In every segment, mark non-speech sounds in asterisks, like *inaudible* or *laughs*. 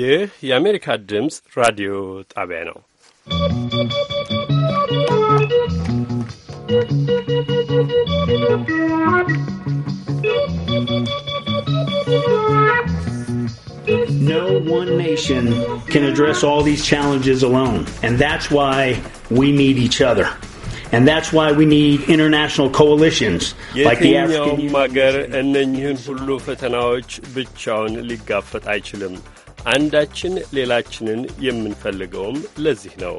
ይህ የአሜሪካ ድምፅ ራዲዮ ጣቢያ ነው። No one nation can address all these challenges alone, and that's why we need each other. And that's why we need international coalitions like the African Union. አንዳችን ሌላችንን የምንፈልገውም ለዚህ ነው።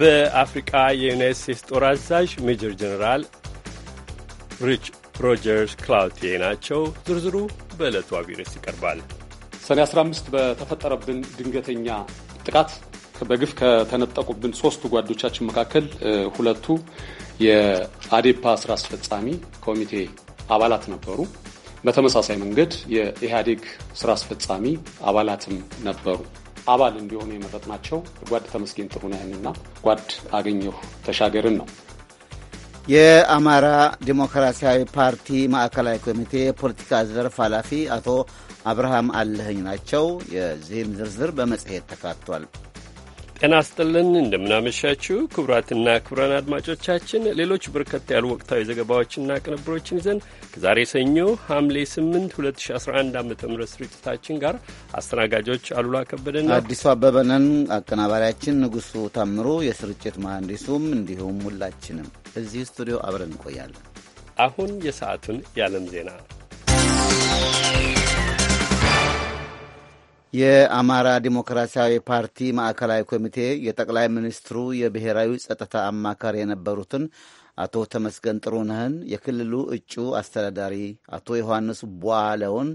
በአፍሪቃ የዩናይት ስቴትስ ጦር አዛዥ ሜጀር ጀኔራል ሪች ሮጀርስ ክላውቴ ናቸው። ዝርዝሩ በዕለቱ አቢሬስ ይቀርባል። ሰኔ 15 በተፈጠረብን ድንገተኛ ጥቃት በግፍ ከተነጠቁብን ሶስቱ ጓዶቻችን መካከል ሁለቱ የአዴፓ ስራ አስፈጻሚ ኮሚቴ አባላት ነበሩ። በተመሳሳይ መንገድ የኢህአዴግ ስራ አስፈጻሚ አባላትም ነበሩ። አባል እንዲሆኑ የመረጥናቸው ጓድ ተመስገን ጥሩነህንና ጓድ አገኘሁ ተሻገርን ነው። የአማራ ዲሞክራሲያዊ ፓርቲ ማዕከላዊ ኮሚቴ የፖለቲካ ዘርፍ ኃላፊ አቶ አብርሃም አለህኝ ናቸው። የዚህም ዝርዝር በመጽሔት ተካቷል። ጤና ስጥልን እንደምናመሻችው ክቡራትና ክቡራን አድማጮቻችን ሌሎች በርከት ያሉ ወቅታዊ ዘገባዎችና ቅንብሮችን ይዘን ከዛሬ ሰኞ ሐምሌ 8 2011 ዓ ም ስርጭታችን ጋር አስተናጋጆች አሉላ ከበደና አዲሱ አበበነን አቀናባሪያችን ንጉሱ ታምሮ የስርጭት መሐንዲሱም እንዲሁም ሁላችንም እዚህ ስቱዲዮ አብረን እንቆያለን። አሁን የሰዓቱን የዓለም ዜና የአማራ ዲሞክራሲያዊ ፓርቲ ማዕከላዊ ኮሚቴ የጠቅላይ ሚኒስትሩ የብሔራዊ ጸጥታ አማካሪ የነበሩትን አቶ ተመስገን ጥሩነህን፣ የክልሉ እጩ አስተዳዳሪ አቶ ዮሐንስ ቧለውን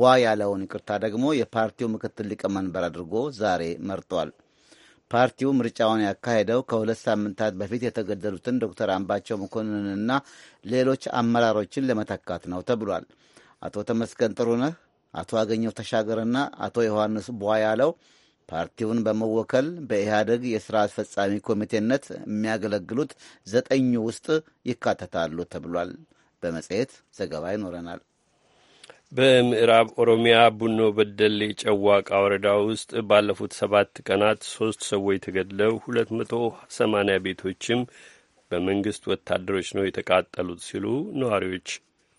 ቧ ያለውን ይቅርታ ደግሞ የፓርቲው ምክትል ሊቀመንበር አድርጎ ዛሬ መርጧል። ፓርቲው ምርጫውን ያካሄደው ከሁለት ሳምንታት በፊት የተገደሉትን ዶክተር አምባቸው መኮንንንና ሌሎች አመራሮችን ለመተካት ነው ተብሏል። አቶ ተመስገን ጥሩነህ አቶ አገኘው ተሻገርና አቶ ዮሐንስ ቧ ያለው ፓርቲውን በመወከል በኢህአደግ የሥራ አስፈጻሚ ኮሚቴነት የሚያገለግሉት ዘጠኙ ውስጥ ይካተታሉ ተብሏል። በመጽሔት ዘገባ ይኖረናል። በምዕራብ ኦሮሚያ ቡኖ በደሌ ጨዋቃ ወረዳ ውስጥ ባለፉት ሰባት ቀናት ሶስት ሰዎች ተገድለው ሁለት መቶ ሰማኒያ ቤቶችም በመንግስት ወታደሮች ነው የተቃጠሉት ሲሉ ነዋሪዎች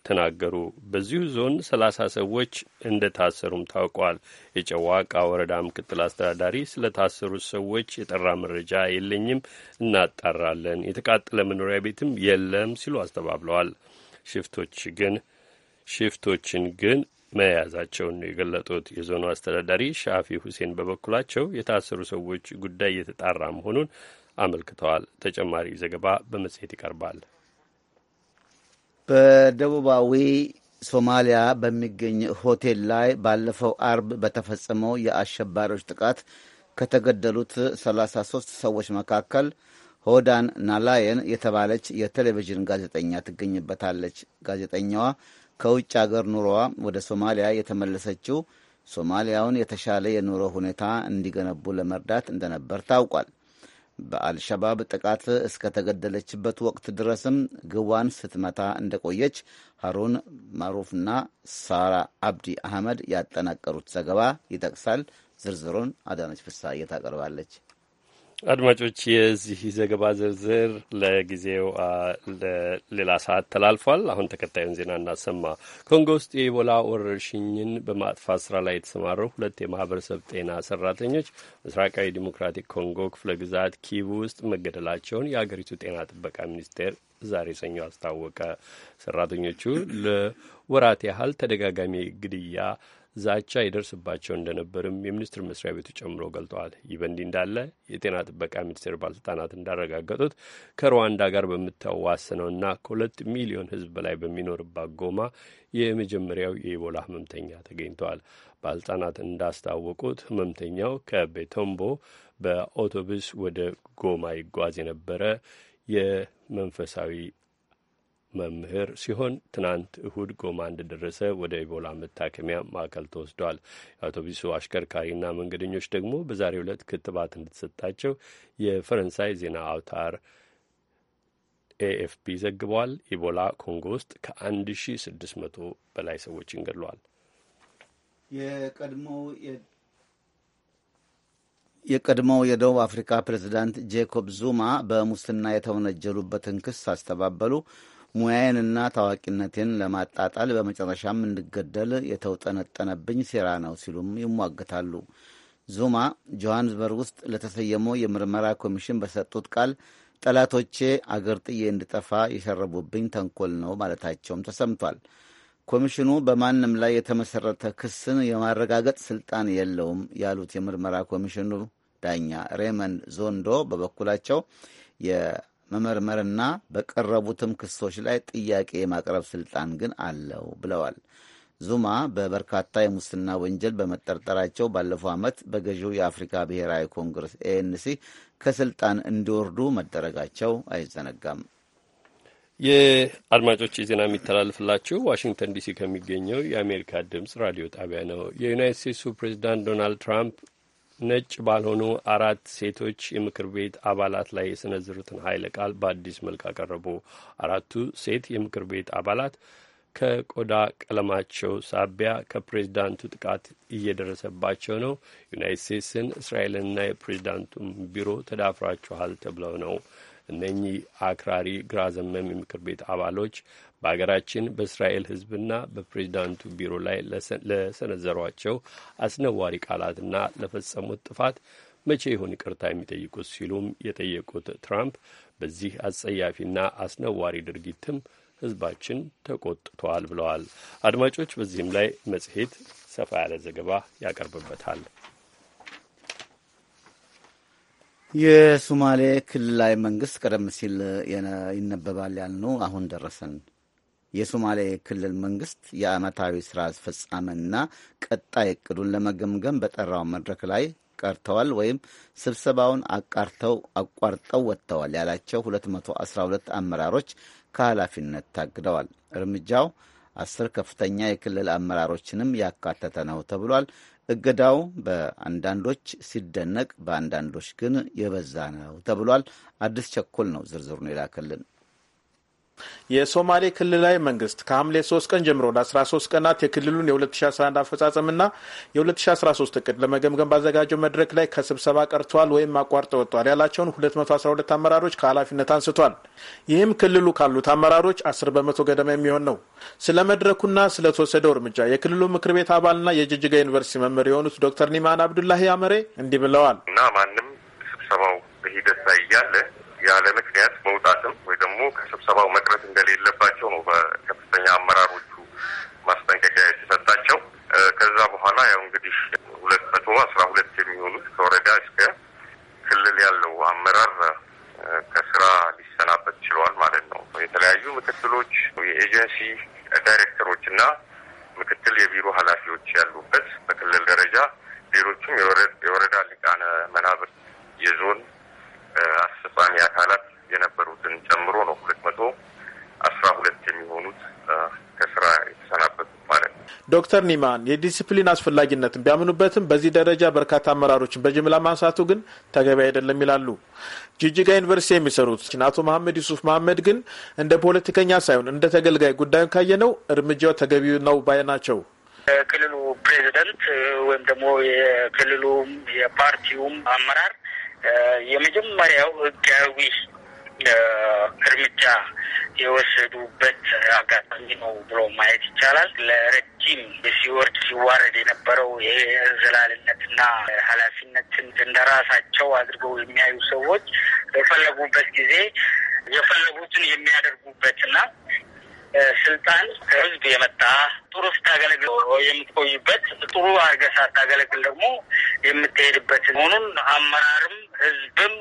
ተናገሩ። በዚሁ ዞን ሰላሳ ሰዎች እንደ ታሰሩም ታውቋል። የጨዋቃ ወረዳ ምክትል አስተዳዳሪ ስለ ታሰሩት ሰዎች የጠራ መረጃ የለኝም፣ እናጣራለን፣ የተቃጠለ መኖሪያ ቤትም የለም ሲሉ አስተባብለዋል። ሽፍቶች ግን ሽፍቶችን ግን መያዛቸውን ነው የገለጡት። የዞኑ አስተዳዳሪ ሻፊ ሁሴን በበኩላቸው የታሰሩ ሰዎች ጉዳይ የተጣራ መሆኑን አመልክተዋል። ተጨማሪ ዘገባ በመጽሔት ይቀርባል። በደቡባዊ ሶማሊያ በሚገኝ ሆቴል ላይ ባለፈው አርብ በተፈጸመው የአሸባሪዎች ጥቃት ከተገደሉት 33 ሰዎች መካከል ሆዳን ናላየን የተባለች የቴሌቪዥን ጋዜጠኛ ትገኝበታለች። ጋዜጠኛዋ ከውጭ አገር ኑሮዋ ወደ ሶማሊያ የተመለሰችው ሶማሊያውን የተሻለ የኑሮ ሁኔታ እንዲገነቡ ለመርዳት እንደነበር ታውቋል። በአልሸባብ ጥቃት እስከተገደለችበት ወቅት ድረስም ግዋን ስትመታ እንደቆየች ሀሩን ማሩፍና ሳራ አብዲ አህመድ ያጠናቀሩት ዘገባ ይጠቅሳል። ዝርዝሩን አዳነች ፍሳ እየታቀርባለች። አድማጮች የዚህ ዘገባ ዝርዝር ለጊዜው ለሌላ ሰዓት ተላልፏል። አሁን ተከታዩን ዜና እናሰማ። ኮንጎ ውስጥ የኢቦላ ወረርሽኝን በማጥፋት ስራ ላይ የተሰማሩ ሁለት የማህበረሰብ ጤና ሰራተኞች ምስራቃዊ ዲሞክራቲክ ኮንጎ ክፍለ ግዛት ኪቡ ውስጥ መገደላቸውን የአገሪቱ ጤና ጥበቃ ሚኒስቴር ዛሬ ሰኞ አስታወቀ። ሰራተኞቹ ለወራት ያህል ተደጋጋሚ ግድያ ዛቻ ይደርስባቸው እንደነበርም የሚኒስቴር መስሪያ ቤቱ ጨምሮ ገልጠዋል። ይህ በእንዲህ እንዳለ የጤና ጥበቃ ሚኒስቴር ባለስልጣናት እንዳረጋገጡት ከሩዋንዳ ጋር በምታዋስነውና ከሁለት ሚሊዮን ሕዝብ በላይ በሚኖርባት ጎማ የመጀመሪያው የኢቦላ ህመምተኛ ተገኝተዋል። ባለስልጣናት እንዳስታወቁት ህመምተኛው ከቤቶምቦ በአውቶቡስ ወደ ጎማ ይጓዝ የነበረ የመንፈሳዊ መምህር ሲሆን ትናንት እሁድ ጎማ እንደደረሰ ወደ ኢቦላ መታከሚያ ማዕከል ተወስዷል። የአውቶቡሱ አሽከርካሪና መንገደኞች ደግሞ በዛሬው ዕለት ክትባት እንደተሰጣቸው የፈረንሳይ ዜና አውታር ኤኤፍፒ ዘግበዋል። ኢቦላ ኮንጎ ውስጥ ከ1600 በላይ ሰዎችን ገድሏል። የቀድሞው የደቡብ አፍሪካ ፕሬዝዳንት ጄኮብ ዙማ በሙስና የተወነጀሉበትን ክስ አስተባበሉ። ሙያዬንና ታዋቂነቴን ለማጣጣል በመጨረሻም እንድገደል የተውጠነጠነብኝ ሴራ ነው ሲሉም ይሟገታሉ። ዙማ ጆሃንስበርግ ውስጥ ለተሰየመው የምርመራ ኮሚሽን በሰጡት ቃል ጠላቶቼ አገር ጥዬ እንድጠፋ የሸረቡብኝ ተንኮል ነው ማለታቸውም ተሰምቷል። ኮሚሽኑ በማንም ላይ የተመሰረተ ክስን የማረጋገጥ ስልጣን የለውም ያሉት የምርመራ ኮሚሽኑ ዳኛ ሬመንድ ዞንዶ በበኩላቸው መመርመርና በቀረቡትም ክሶች ላይ ጥያቄ የማቅረብ ስልጣን ግን አለው ብለዋል። ዙማ በበርካታ የሙስና ወንጀል በመጠርጠራቸው ባለፈው ዓመት በገዢው የአፍሪካ ብሔራዊ ኮንግረስ ኤኤንሲ ከስልጣን እንዲወርዱ መደረጋቸው አይዘነጋም። የአድማጮች ዜና የሚተላልፍላችሁ ዋሽንግተን ዲሲ ከሚገኘው የአሜሪካ ድምጽ ራዲዮ ጣቢያ ነው። የዩናይት ስቴትሱ ፕሬዚዳንት ዶናልድ ትራምፕ ነጭ ባልሆኑ አራት ሴቶች የምክር ቤት አባላት ላይ የሰነዘሩትን ኃይለ ቃል በአዲስ መልክ አቀረቡ። አራቱ ሴት የምክር ቤት አባላት ከቆዳ ቀለማቸው ሳቢያ ከፕሬዚዳንቱ ጥቃት እየደረሰባቸው ነው፣ ዩናይት ስቴትስን፣ እስራኤልንና የፕሬዚዳንቱን ቢሮ ተዳፍራችኋል ተብለው ነው እነኚህ አክራሪ ግራ ዘመም የምክር ቤት አባሎች በሀገራችን በእስራኤል ሕዝብና በፕሬዚዳንቱ ቢሮ ላይ ለሰነዘሯቸው አስነዋሪ ቃላትና ለፈጸሙት ጥፋት መቼ ይሆን ይቅርታ የሚጠይቁት ሲሉም የጠየቁት ትራምፕ በዚህ አጸያፊና አስነዋሪ ድርጊትም ሕዝባችን ተቆጥቷል ብለዋል። አድማጮች፣ በዚህም ላይ መጽሔት ሰፋ ያለ ዘገባ ያቀርብበታል። የሶማሌ ክልላዊ መንግስት ቀደም ሲል ይነበባል ያልነው አሁን ደረሰን። የሶማሌ ክልል መንግስት የአመታዊ ስራ አስፈጻሚና ቀጣይ እቅዱን ለመገምገም በጠራው መድረክ ላይ ቀርተዋል ወይም ስብሰባውን አቃርተው አቋርጠው ወጥተዋል ያላቸው 212 አመራሮች ከኃላፊነት ታግደዋል። እርምጃው አስር ከፍተኛ የክልል አመራሮችንም ያካተተ ነው ተብሏል። እገዳው በአንዳንዶች ሲደነቅ፣ በአንዳንዶች ግን የበዛ ነው ተብሏል። አዲስ ቸኮል ነው ዝርዝሩን የላከልን። የሶማሌ ክልላዊ መንግስት ከሐምሌ 3 ቀን ጀምሮ ለ13 ቀናት የክልሉን የ2011 አፈጻጸምና የ2013 እቅድ ለመገምገም ባዘጋጀው መድረክ ላይ ከስብሰባ ቀርተዋል ወይም አቋርጠ ወጥተዋል ያላቸውን 212 አመራሮች ከኃላፊነት አንስቷል። ይህም ክልሉ ካሉት አመራሮች 10 በመቶ ገደማ የሚሆን ነው። ስለ መድረኩና ስለተወሰደው እርምጃ የክልሉ ምክር ቤት አባልና የጅጅጋ ዩኒቨርሲቲ መምህር የሆኑት ዶክተር ኒማን አብዱላሂ አመሬ እንዲህ ብለዋል እና ማንም ስብሰባው በሂደት ላይ እያለ ያለ ምክንያት መውጣትም ወይ ደግሞ ከስብሰባው መቅረት እንደሌለባቸው ነው በከፍተኛ አመራሮቹ ማስጠንቀቂያ የተሰጣቸው። ከዛ በኋላ ያው እንግዲህ ሁለት መቶ አስራ ሁለት የሚሆኑት ከወረዳ እስከ ክልል ያለው አመራር ከስራ ሊሰናበት ችለዋል ማለት ነው። የተለያዩ ምክትሎች፣ የኤጀንሲ ዳይሬክተሮች እና ምክትል የቢሮ ኃላፊዎች ያሉበት በክልል ደረጃ ሌሎቹም የወረዳ ሊቃነ መናብርት፣ የዞን አስፈጻሚ አካላት የነበሩትን ጨምሮ ነው ሁለት መቶ አስራ ሁለት የሚሆኑት ከስራ የተሰናበቱ ማለት ነው። ዶክተር ኒማን የዲሲፕሊን አስፈላጊነትን ቢያምኑበትም በዚህ ደረጃ በርካታ አመራሮችን በጅምላ ማንሳቱ ግን ተገቢ አይደለም ይላሉ። ጅጅጋ ዩኒቨርሲቲ የሚሰሩት አቶ መሀመድ ዩሱፍ መሀመድ ግን እንደ ፖለቲከኛ ሳይሆን እንደ ተገልጋይ ጉዳዩን ካየነው እርምጃው ተገቢ ነው ባይ ናቸው። የክልሉ ፕሬዚደንት ወይም ደግሞ የክልሉም የፓርቲውም አመራር የመጀመሪያው ህጋዊ እርምጃ የወሰዱበት አጋጣሚ ነው ብሎ ማየት ይቻላል። ለረጅም ሲወርድ ሲዋረድ የነበረው ይሄ ዘላልነትና ኃላፊነትን እንደራሳቸው አድርገው የሚያዩ ሰዎች በፈለጉበት ጊዜ የፈለጉትን የሚያደርጉበትና ስልጣን ከህዝብ የመጣ ጥሩ ስታገለግል የምትቆይበት ጥሩ አድርገህ ሳታገለግል ደግሞ የምትሄድበት መሆኑን አመራርም ህዝብም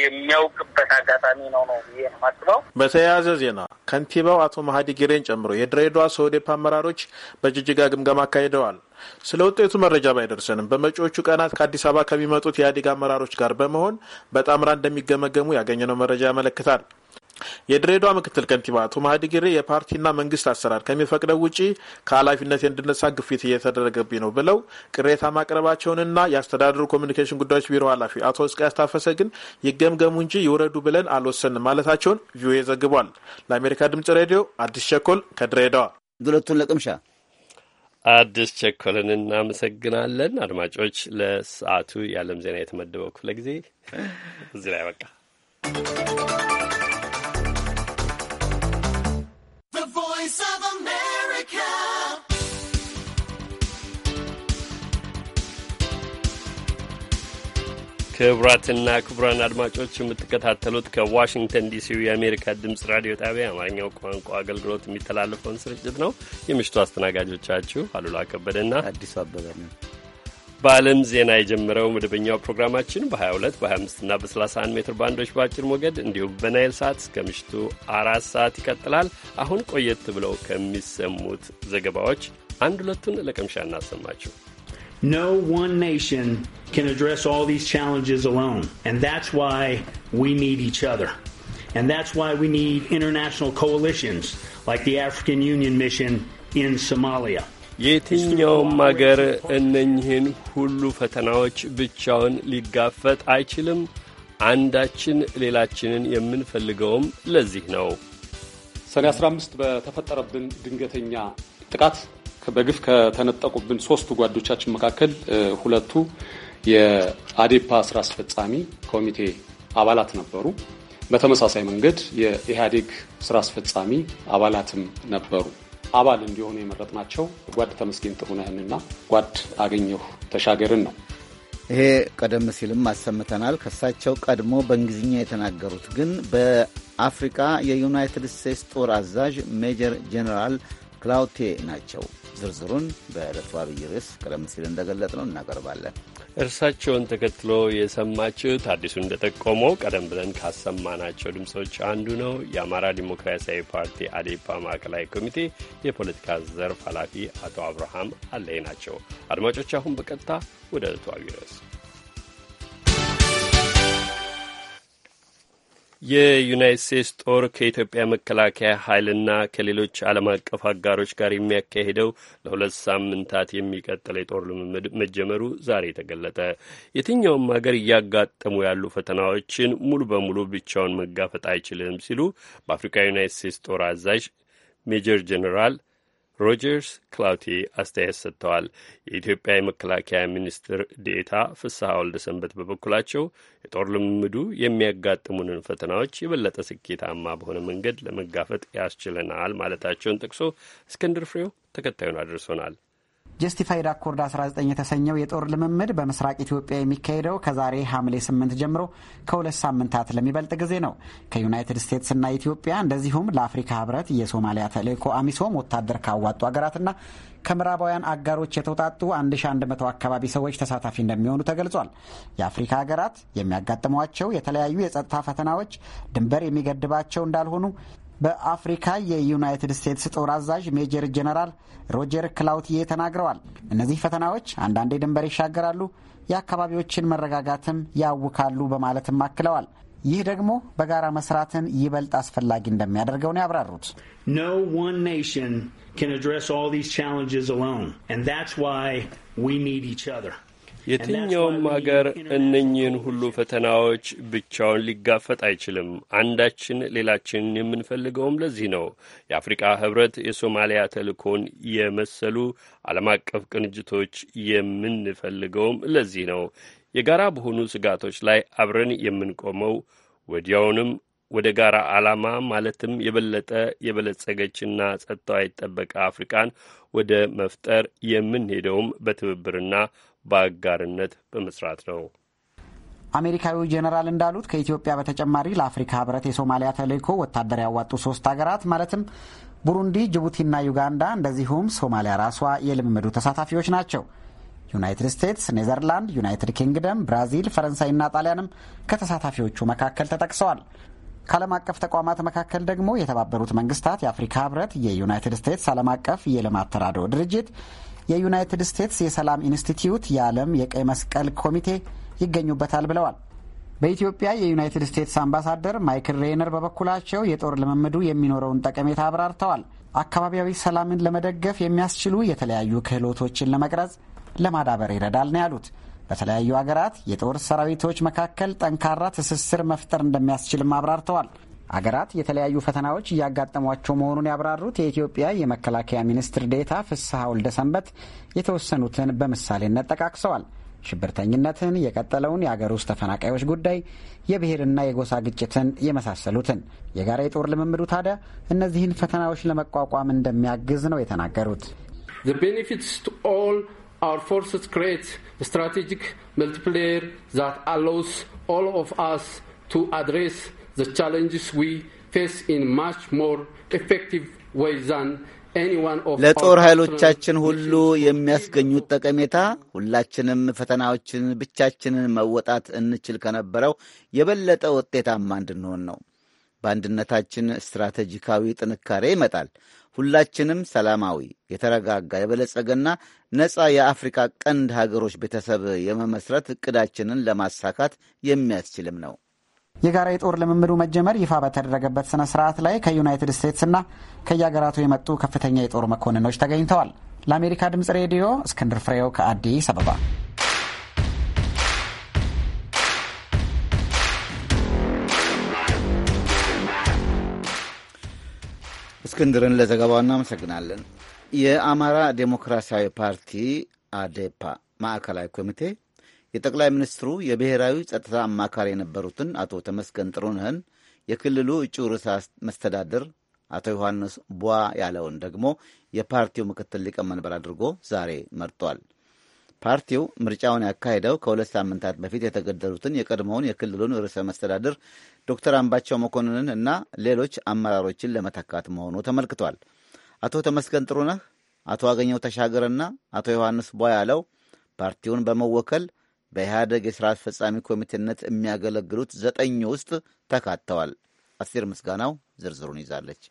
የሚያውቅበት አጋጣሚ ነው ነው የማስበው። በተያያዘ ዜና ከንቲባው አቶ መሀዲ ጊሬን ጨምሮ የድሬዳዋ ሶዴፕ አመራሮች በጅጅጋ ግምገማ አካሂደዋል። ስለ ውጤቱ መረጃ ባይደርሰንም በመጪዎቹ ቀናት ከአዲስ አበባ ከሚመጡት የኢህአዴግ አመራሮች ጋር በመሆን በጣምራ እንደሚገመገሙ ያገኘነው መረጃ ያመለክታል። የድሬዳዋ ምክትል ከንቲባ አቶ ማህዲ ጊሬ የፓርቲና መንግስት አሰራር ከሚፈቅደው ውጪ ከኃላፊነት እንድነሳ ግፊት እየተደረገብኝ ነው ብለው ቅሬታ ማቅረባቸውንና የአስተዳደሩ ኮሚኒኬሽን ጉዳዮች ቢሮ ኃላፊ አቶ እስቅያስ ያስታፈሰ ግን ይገምገሙ እንጂ ይውረዱ ብለን አልወሰንም ማለታቸውን ቪኦኤ ዘግቧል። ለአሜሪካ ድምጽ ሬዲዮ አዲስ ቸኮል ከድሬዳዋ። ዱለቱን ለቅምሻ አዲስ ቸኮልን እናመሰግናለን። አድማጮች፣ ለሰዓቱ የዓለም ዜና የተመደበው ክፍለ ጊዜ እዚህ ላይ በቃ ክቡራትና ክቡራን አድማጮች የምትከታተሉት ከዋሽንግተን ዲሲው የአሜሪካ ድምፅ ራዲዮ ጣቢያ የአማርኛው ቋንቋ አገልግሎት የሚተላለፈውን ስርጭት ነው። የምሽቱ አስተናጋጆቻችሁ አሉላ ከበደና አዲሱ አበበ ነው። በዓለም ዜና የጀመረው መደበኛው ፕሮግራማችን በ22 በ25ና በ31 ሜትር ባንዶች በአጭር ሞገድ እንዲሁም በናይል ሰዓት እስከ ምሽቱ አራት ሰዓት ይቀጥላል። አሁን ቆየት ብለው ከሚሰሙት ዘገባዎች አንድ ሁለቱን ለቅምሻ እናሰማችሁ። No one nation can address all these challenges alone. And that's why we need each other. And that's why we need international coalitions like the African Union mission in Somalia. የትኛውም አገር እነኝህን ሁሉ ፈተናዎች ብቻውን ሊጋፈጥ አይችልም። አንዳችን ሌላችንን የምንፈልገውም ለዚህ ነው። ሰኔ 15 በተፈጠረብን ድንገተኛ ጥቃት በግፍ ከተነጠቁብን ሶስቱ ጓዶቻችን መካከል ሁለቱ የአዴፓ ስራ አስፈጻሚ ኮሚቴ አባላት ነበሩ። በተመሳሳይ መንገድ የኢህአዴግ ስራ አስፈጻሚ አባላትም ነበሩ። አባል እንዲሆኑ የመረጥናቸው ጓድ ተመስገን ጥሩነህንና ጓድ አገኘሁ ተሻገርን ነው። ይሄ ቀደም ሲልም አሰምተናል። ከሳቸው ቀድሞ በእንግሊዝኛ የተናገሩት ግን በአፍሪካ የዩናይትድ ስቴትስ ጦር አዛዥ ሜጀር ጄኔራል ክላውቴ ናቸው። ዝርዝሩን በዕለቱ አብይ ርዕስ ቀደም ሲል እንደገለጥ ነው እናቀርባለን። እርሳቸውን ተከትሎ የሰማችሁት አዲሱ እንደጠቆመው ቀደም ብለን ካሰማናቸው ድምፆች አንዱ ነው። የአማራ ዲሞክራሲያዊ ፓርቲ አዴፓ ማዕከላዊ ኮሚቴ የፖለቲካ ዘርፍ ኃላፊ አቶ አብርሃም አለይ ናቸው። አድማጮች አሁን በቀጥታ ወደ ዕለቱ አብይ ርዕስ የዩናይት ስቴትስ ጦር ከኢትዮጵያ መከላከያ ኃይልና ከሌሎች ዓለም አቀፍ አጋሮች ጋር የሚያካሄደው ለሁለት ሳምንታት የሚቀጥል የጦር ልምምድ መጀመሩ ዛሬ ተገለጠ። የትኛውም ሀገር እያጋጠሙ ያሉ ፈተናዎችን ሙሉ በሙሉ ብቻውን መጋፈጥ አይችልም ሲሉ በአፍሪካ ዩናይት ስቴትስ ጦር አዛዥ ሜጀር ጀነራል? ሮጀርስ ክላውቴ አስተያየት ሰጥተዋል። የኢትዮጵያ የመከላከያ ሚኒስትር ዴታ ፍስሐ ወልደ ሰንበት በበኩላቸው የጦር ልምምዱ የሚያጋጥሙንን ፈተናዎች የበለጠ ስኬታማ በሆነ መንገድ ለመጋፈጥ ያስችለናል ማለታቸውን ጠቅሶ እስክንድር ፍሬው ተከታዩን አድርሶናል። ጀስቲፋይድ አኮርድ 19 የተሰኘው የጦር ልምምድ በምስራቅ ኢትዮጵያ የሚካሄደው ከዛሬ ሐምሌ 8 ጀምሮ ከሁለት ሳምንታት ለሚበልጥ ጊዜ ነው። ከዩናይትድ ስቴትስና ኢትዮጵያ እንደዚሁም ለአፍሪካ ህብረት የሶማሊያ ተልእኮ አሚሶም ወታደር ካዋጡ ሀገራትና ከምዕራባውያን አጋሮች የተውጣጡ 1100 አካባቢ ሰዎች ተሳታፊ እንደሚሆኑ ተገልጿል። የአፍሪካ ሀገራት የሚያጋጥሟቸው የተለያዩ የጸጥታ ፈተናዎች ድንበር የሚገድባቸው እንዳልሆኑ በአፍሪካ የዩናይትድ ስቴትስ ጦር አዛዥ ሜጀር ጀነራል ሮጀር ክላውትዬ ተናግረዋል። እነዚህ ፈተናዎች አንዳንዴ ድንበር ይሻገራሉ፣ የአካባቢዎችን መረጋጋትም ያውካሉ በማለትም አክለዋል። ይህ ደግሞ በጋራ መስራትን ይበልጥ አስፈላጊ እንደሚያደርገው ነው ያብራሩት። ኖ one nation can address all these challenges alone, and የትኛውም አገር እነኚህን ሁሉ ፈተናዎች ብቻውን ሊጋፈጥ አይችልም። አንዳችን ሌላችንን የምንፈልገውም ለዚህ ነው። የአፍሪቃ ህብረት የሶማሊያ ተልእኮን የመሰሉ ዓለም አቀፍ ቅንጅቶች የምንፈልገውም ለዚህ ነው። የጋራ በሆኑ ስጋቶች ላይ አብረን የምንቆመው ወዲያውንም ወደ ጋራ ዓላማ ማለትም የበለጠ የበለጸገችና ጸጥታዋ የጠበቀ አፍሪቃን ወደ መፍጠር የምንሄደውም በትብብርና በአጋርነት በመስራት ነው። አሜሪካዊው ጄኔራል እንዳሉት ከኢትዮጵያ በተጨማሪ ለአፍሪካ ህብረት የሶማሊያ ተልእኮ ወታደር ያዋጡ ሶስት ሀገራት ማለትም ቡሩንዲ፣ ጅቡቲና ዩጋንዳ እንደዚሁም ሶማሊያ ራሷ የልምምዱ ተሳታፊዎች ናቸው። ዩናይትድ ስቴትስ፣ ኔዘርላንድ፣ ዩናይትድ ኪንግደም፣ ብራዚል፣ ፈረንሳይና ጣሊያንም ከተሳታፊዎቹ መካከል ተጠቅሰዋል። ከዓለም አቀፍ ተቋማት መካከል ደግሞ የተባበሩት መንግስታት፣ የአፍሪካ ህብረት፣ የዩናይትድ ስቴትስ ዓለም አቀፍ የልማት ተራድኦ ድርጅት የዩናይትድ ስቴትስ የሰላም ኢንስቲትዩት፣ የዓለም የቀይ መስቀል ኮሚቴ ይገኙበታል ብለዋል። በኢትዮጵያ የዩናይትድ ስቴትስ አምባሳደር ማይክል ሬይነር በበኩላቸው የጦር ልምምዱ የሚኖረውን ጠቀሜታ አብራርተዋል። አካባቢያዊ ሰላምን ለመደገፍ የሚያስችሉ የተለያዩ ክህሎቶችን ለመቅረጽ፣ ለማዳበር ይረዳል ነው ያሉት። በተለያዩ አገራት የጦር ሰራዊቶች መካከል ጠንካራ ትስስር መፍጠር እንደሚያስችልም አብራርተዋል። አገራት የተለያዩ ፈተናዎች እያጋጠሟቸው መሆኑን ያብራሩት የኢትዮጵያ የመከላከያ ሚኒስትር ዴታ ፍስሐ ወልደ ሰንበት የተወሰኑትን በምሳሌነት ጠቃቅሰዋል። ሽብርተኝነትን፣ የቀጠለውን የአገር ውስጥ ተፈናቃዮች ጉዳይ፣ የብሔርና የጎሳ ግጭትን የመሳሰሉትን። የጋራ የጦር ልምምዱ ታዲያ እነዚህን ፈተናዎች ለመቋቋም እንደሚያግዝ ነው የተናገሩት። our forces create a strategic multiplayer that allows all of us to address the challenges we face in much more effective way than ለጦር ኃይሎቻችን ሁሉ የሚያስገኙት ጠቀሜታ ሁላችንም ፈተናዎችን ብቻችንን መወጣት እንችል ከነበረው የበለጠ ውጤታማ እንድንሆን ነው። በአንድነታችን ስትራቴጂካዊ ጥንካሬ ይመጣል። ሁላችንም ሰላማዊ፣ የተረጋጋ፣ የበለጸገና ነጻ የአፍሪካ ቀንድ ሀገሮች ቤተሰብ የመመስረት እቅዳችንን ለማሳካት የሚያስችልም ነው። የጋራ የጦር ልምምዱ መጀመር ይፋ በተደረገበት ስነ ስርዓት ላይ ከዩናይትድ ስቴትስና ከየሀገራቱ የመጡ ከፍተኛ የጦር መኮንኖች ተገኝተዋል። ለአሜሪካ ድምፅ ሬዲዮ እስክንድር ፍሬው ከአዲስ አበባ። እስክንድርን ለዘገባው እናመሰግናለን። የአማራ ዴሞክራሲያዊ ፓርቲ አዴፓ ማዕከላዊ ኮሚቴ የጠቅላይ ሚኒስትሩ የብሔራዊ ጸጥታ አማካሪ የነበሩትን አቶ ተመስገን ጥሩንህን የክልሉ እጩ ርዕሰ መስተዳድር አቶ ዮሐንስ ቧ ያለውን ደግሞ የፓርቲው ምክትል ሊቀመንበር አድርጎ ዛሬ መርጧል። ፓርቲው ምርጫውን ያካሄደው ከሁለት ሳምንታት በፊት የተገደሉትን የቀድሞውን የክልሉን ርዕሰ መስተዳድር ዶክተር አምባቸው መኮንንን እና ሌሎች አመራሮችን ለመተካት መሆኑ ተመልክቷል። አቶ ተመስገን ጥሩነህ፣ አቶ አገኘው ተሻገርና አቶ ዮሐንስ ቧ ያለው ፓርቲውን በመወከል በኢህአደግ የሥራ አስፈጻሚ ኮሚቴነት የሚያገለግሉት ዘጠኝ ውስጥ ተካተዋል። አስቴር ምስጋናው ዝርዝሩን ይዛለች።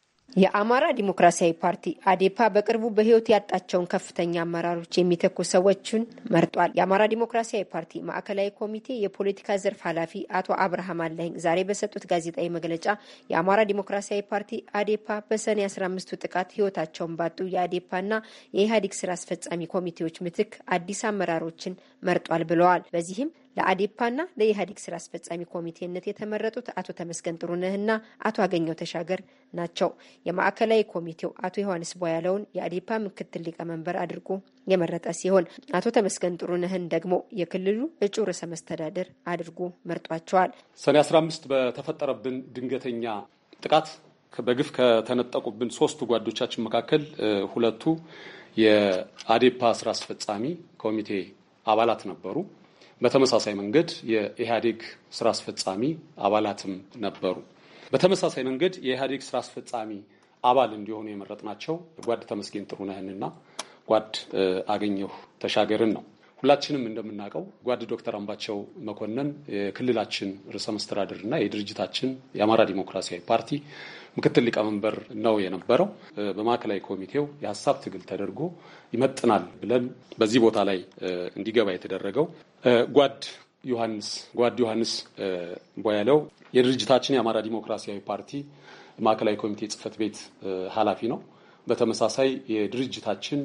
የአማራ ዲሞክራሲያዊ ፓርቲ አዴፓ በቅርቡ በህይወት ያጣቸውን ከፍተኛ አመራሮች የሚተኩ ሰዎችን መርጧል። የአማራ ዲሞክራሲያዊ ፓርቲ ማዕከላዊ ኮሚቴ የፖለቲካ ዘርፍ ኃላፊ አቶ አብርሃም አለኝ ዛሬ በሰጡት ጋዜጣዊ መግለጫ የአማራ ዲሞክራሲያዊ ፓርቲ አዴፓ በሰኔ 15ቱ ጥቃት ህይወታቸውን ባጡ የአዴፓና የኢህአዴግ ስራ አስፈጻሚ ኮሚቴዎች ምትክ አዲስ አመራሮችን መርጧል ብለዋል። በዚህም ለአዴፓና ለኢህአዴግ ስራ አስፈጻሚ ኮሚቴነት የተመረጡት አቶ ተመስገን ጥሩነህና አቶ አገኘው ተሻገር ናቸው። የማዕከላዊ ኮሚቴው አቶ ዮሐንስ ያለውን የአዴፓ ምክትል ሊቀመንበር አድርጎ የመረጠ ሲሆን አቶ ተመስገን ጥሩነህን ደግሞ የክልሉ እጩ ርዕሰ መስተዳደር አድርጎ መርጧቸዋል። ሰኔ 15 በተፈጠረብን ድንገተኛ ጥቃት በግፍ ከተነጠቁብን ሶስቱ ጓዶቻችን መካከል ሁለቱ የአዴፓ ስራ አስፈጻሚ ኮሚቴ አባላት ነበሩ። በተመሳሳይ መንገድ የኢህአዴግ ስራ አስፈጻሚ አባላትም ነበሩ። በተመሳሳይ መንገድ የኢህአዴግ ስራ አስፈጻሚ አባል እንዲሆኑ የመረጥናቸው ጓድ ተመስገን ጥሩነህንና ጓድ አገኘሁ ተሻገርን ነው። ሁላችንም እንደምናውቀው ጓድ ዶክተር አምባቸው መኮንን የክልላችን ርዕሰ ና የድርጅታችን የአማራ ዲሞክራሲያዊ ፓርቲ ምክትል ሊቀመንበር ነው የነበረው። በማዕከላዊ ኮሚቴው የሀሳብ ትግል ተደርጎ ይመጥናል ብለን በዚህ ቦታ ላይ እንዲገባ የተደረገው ጓድ ዮሐንስ ጓድ ዮሐንስ ቦያለው የድርጅታችን የአማራ ዲሞክራሲያዊ ፓርቲ ማዕከላዊ ኮሚቴ ጽህፈት ቤት ኃላፊ ነው። በተመሳሳይ የድርጅታችን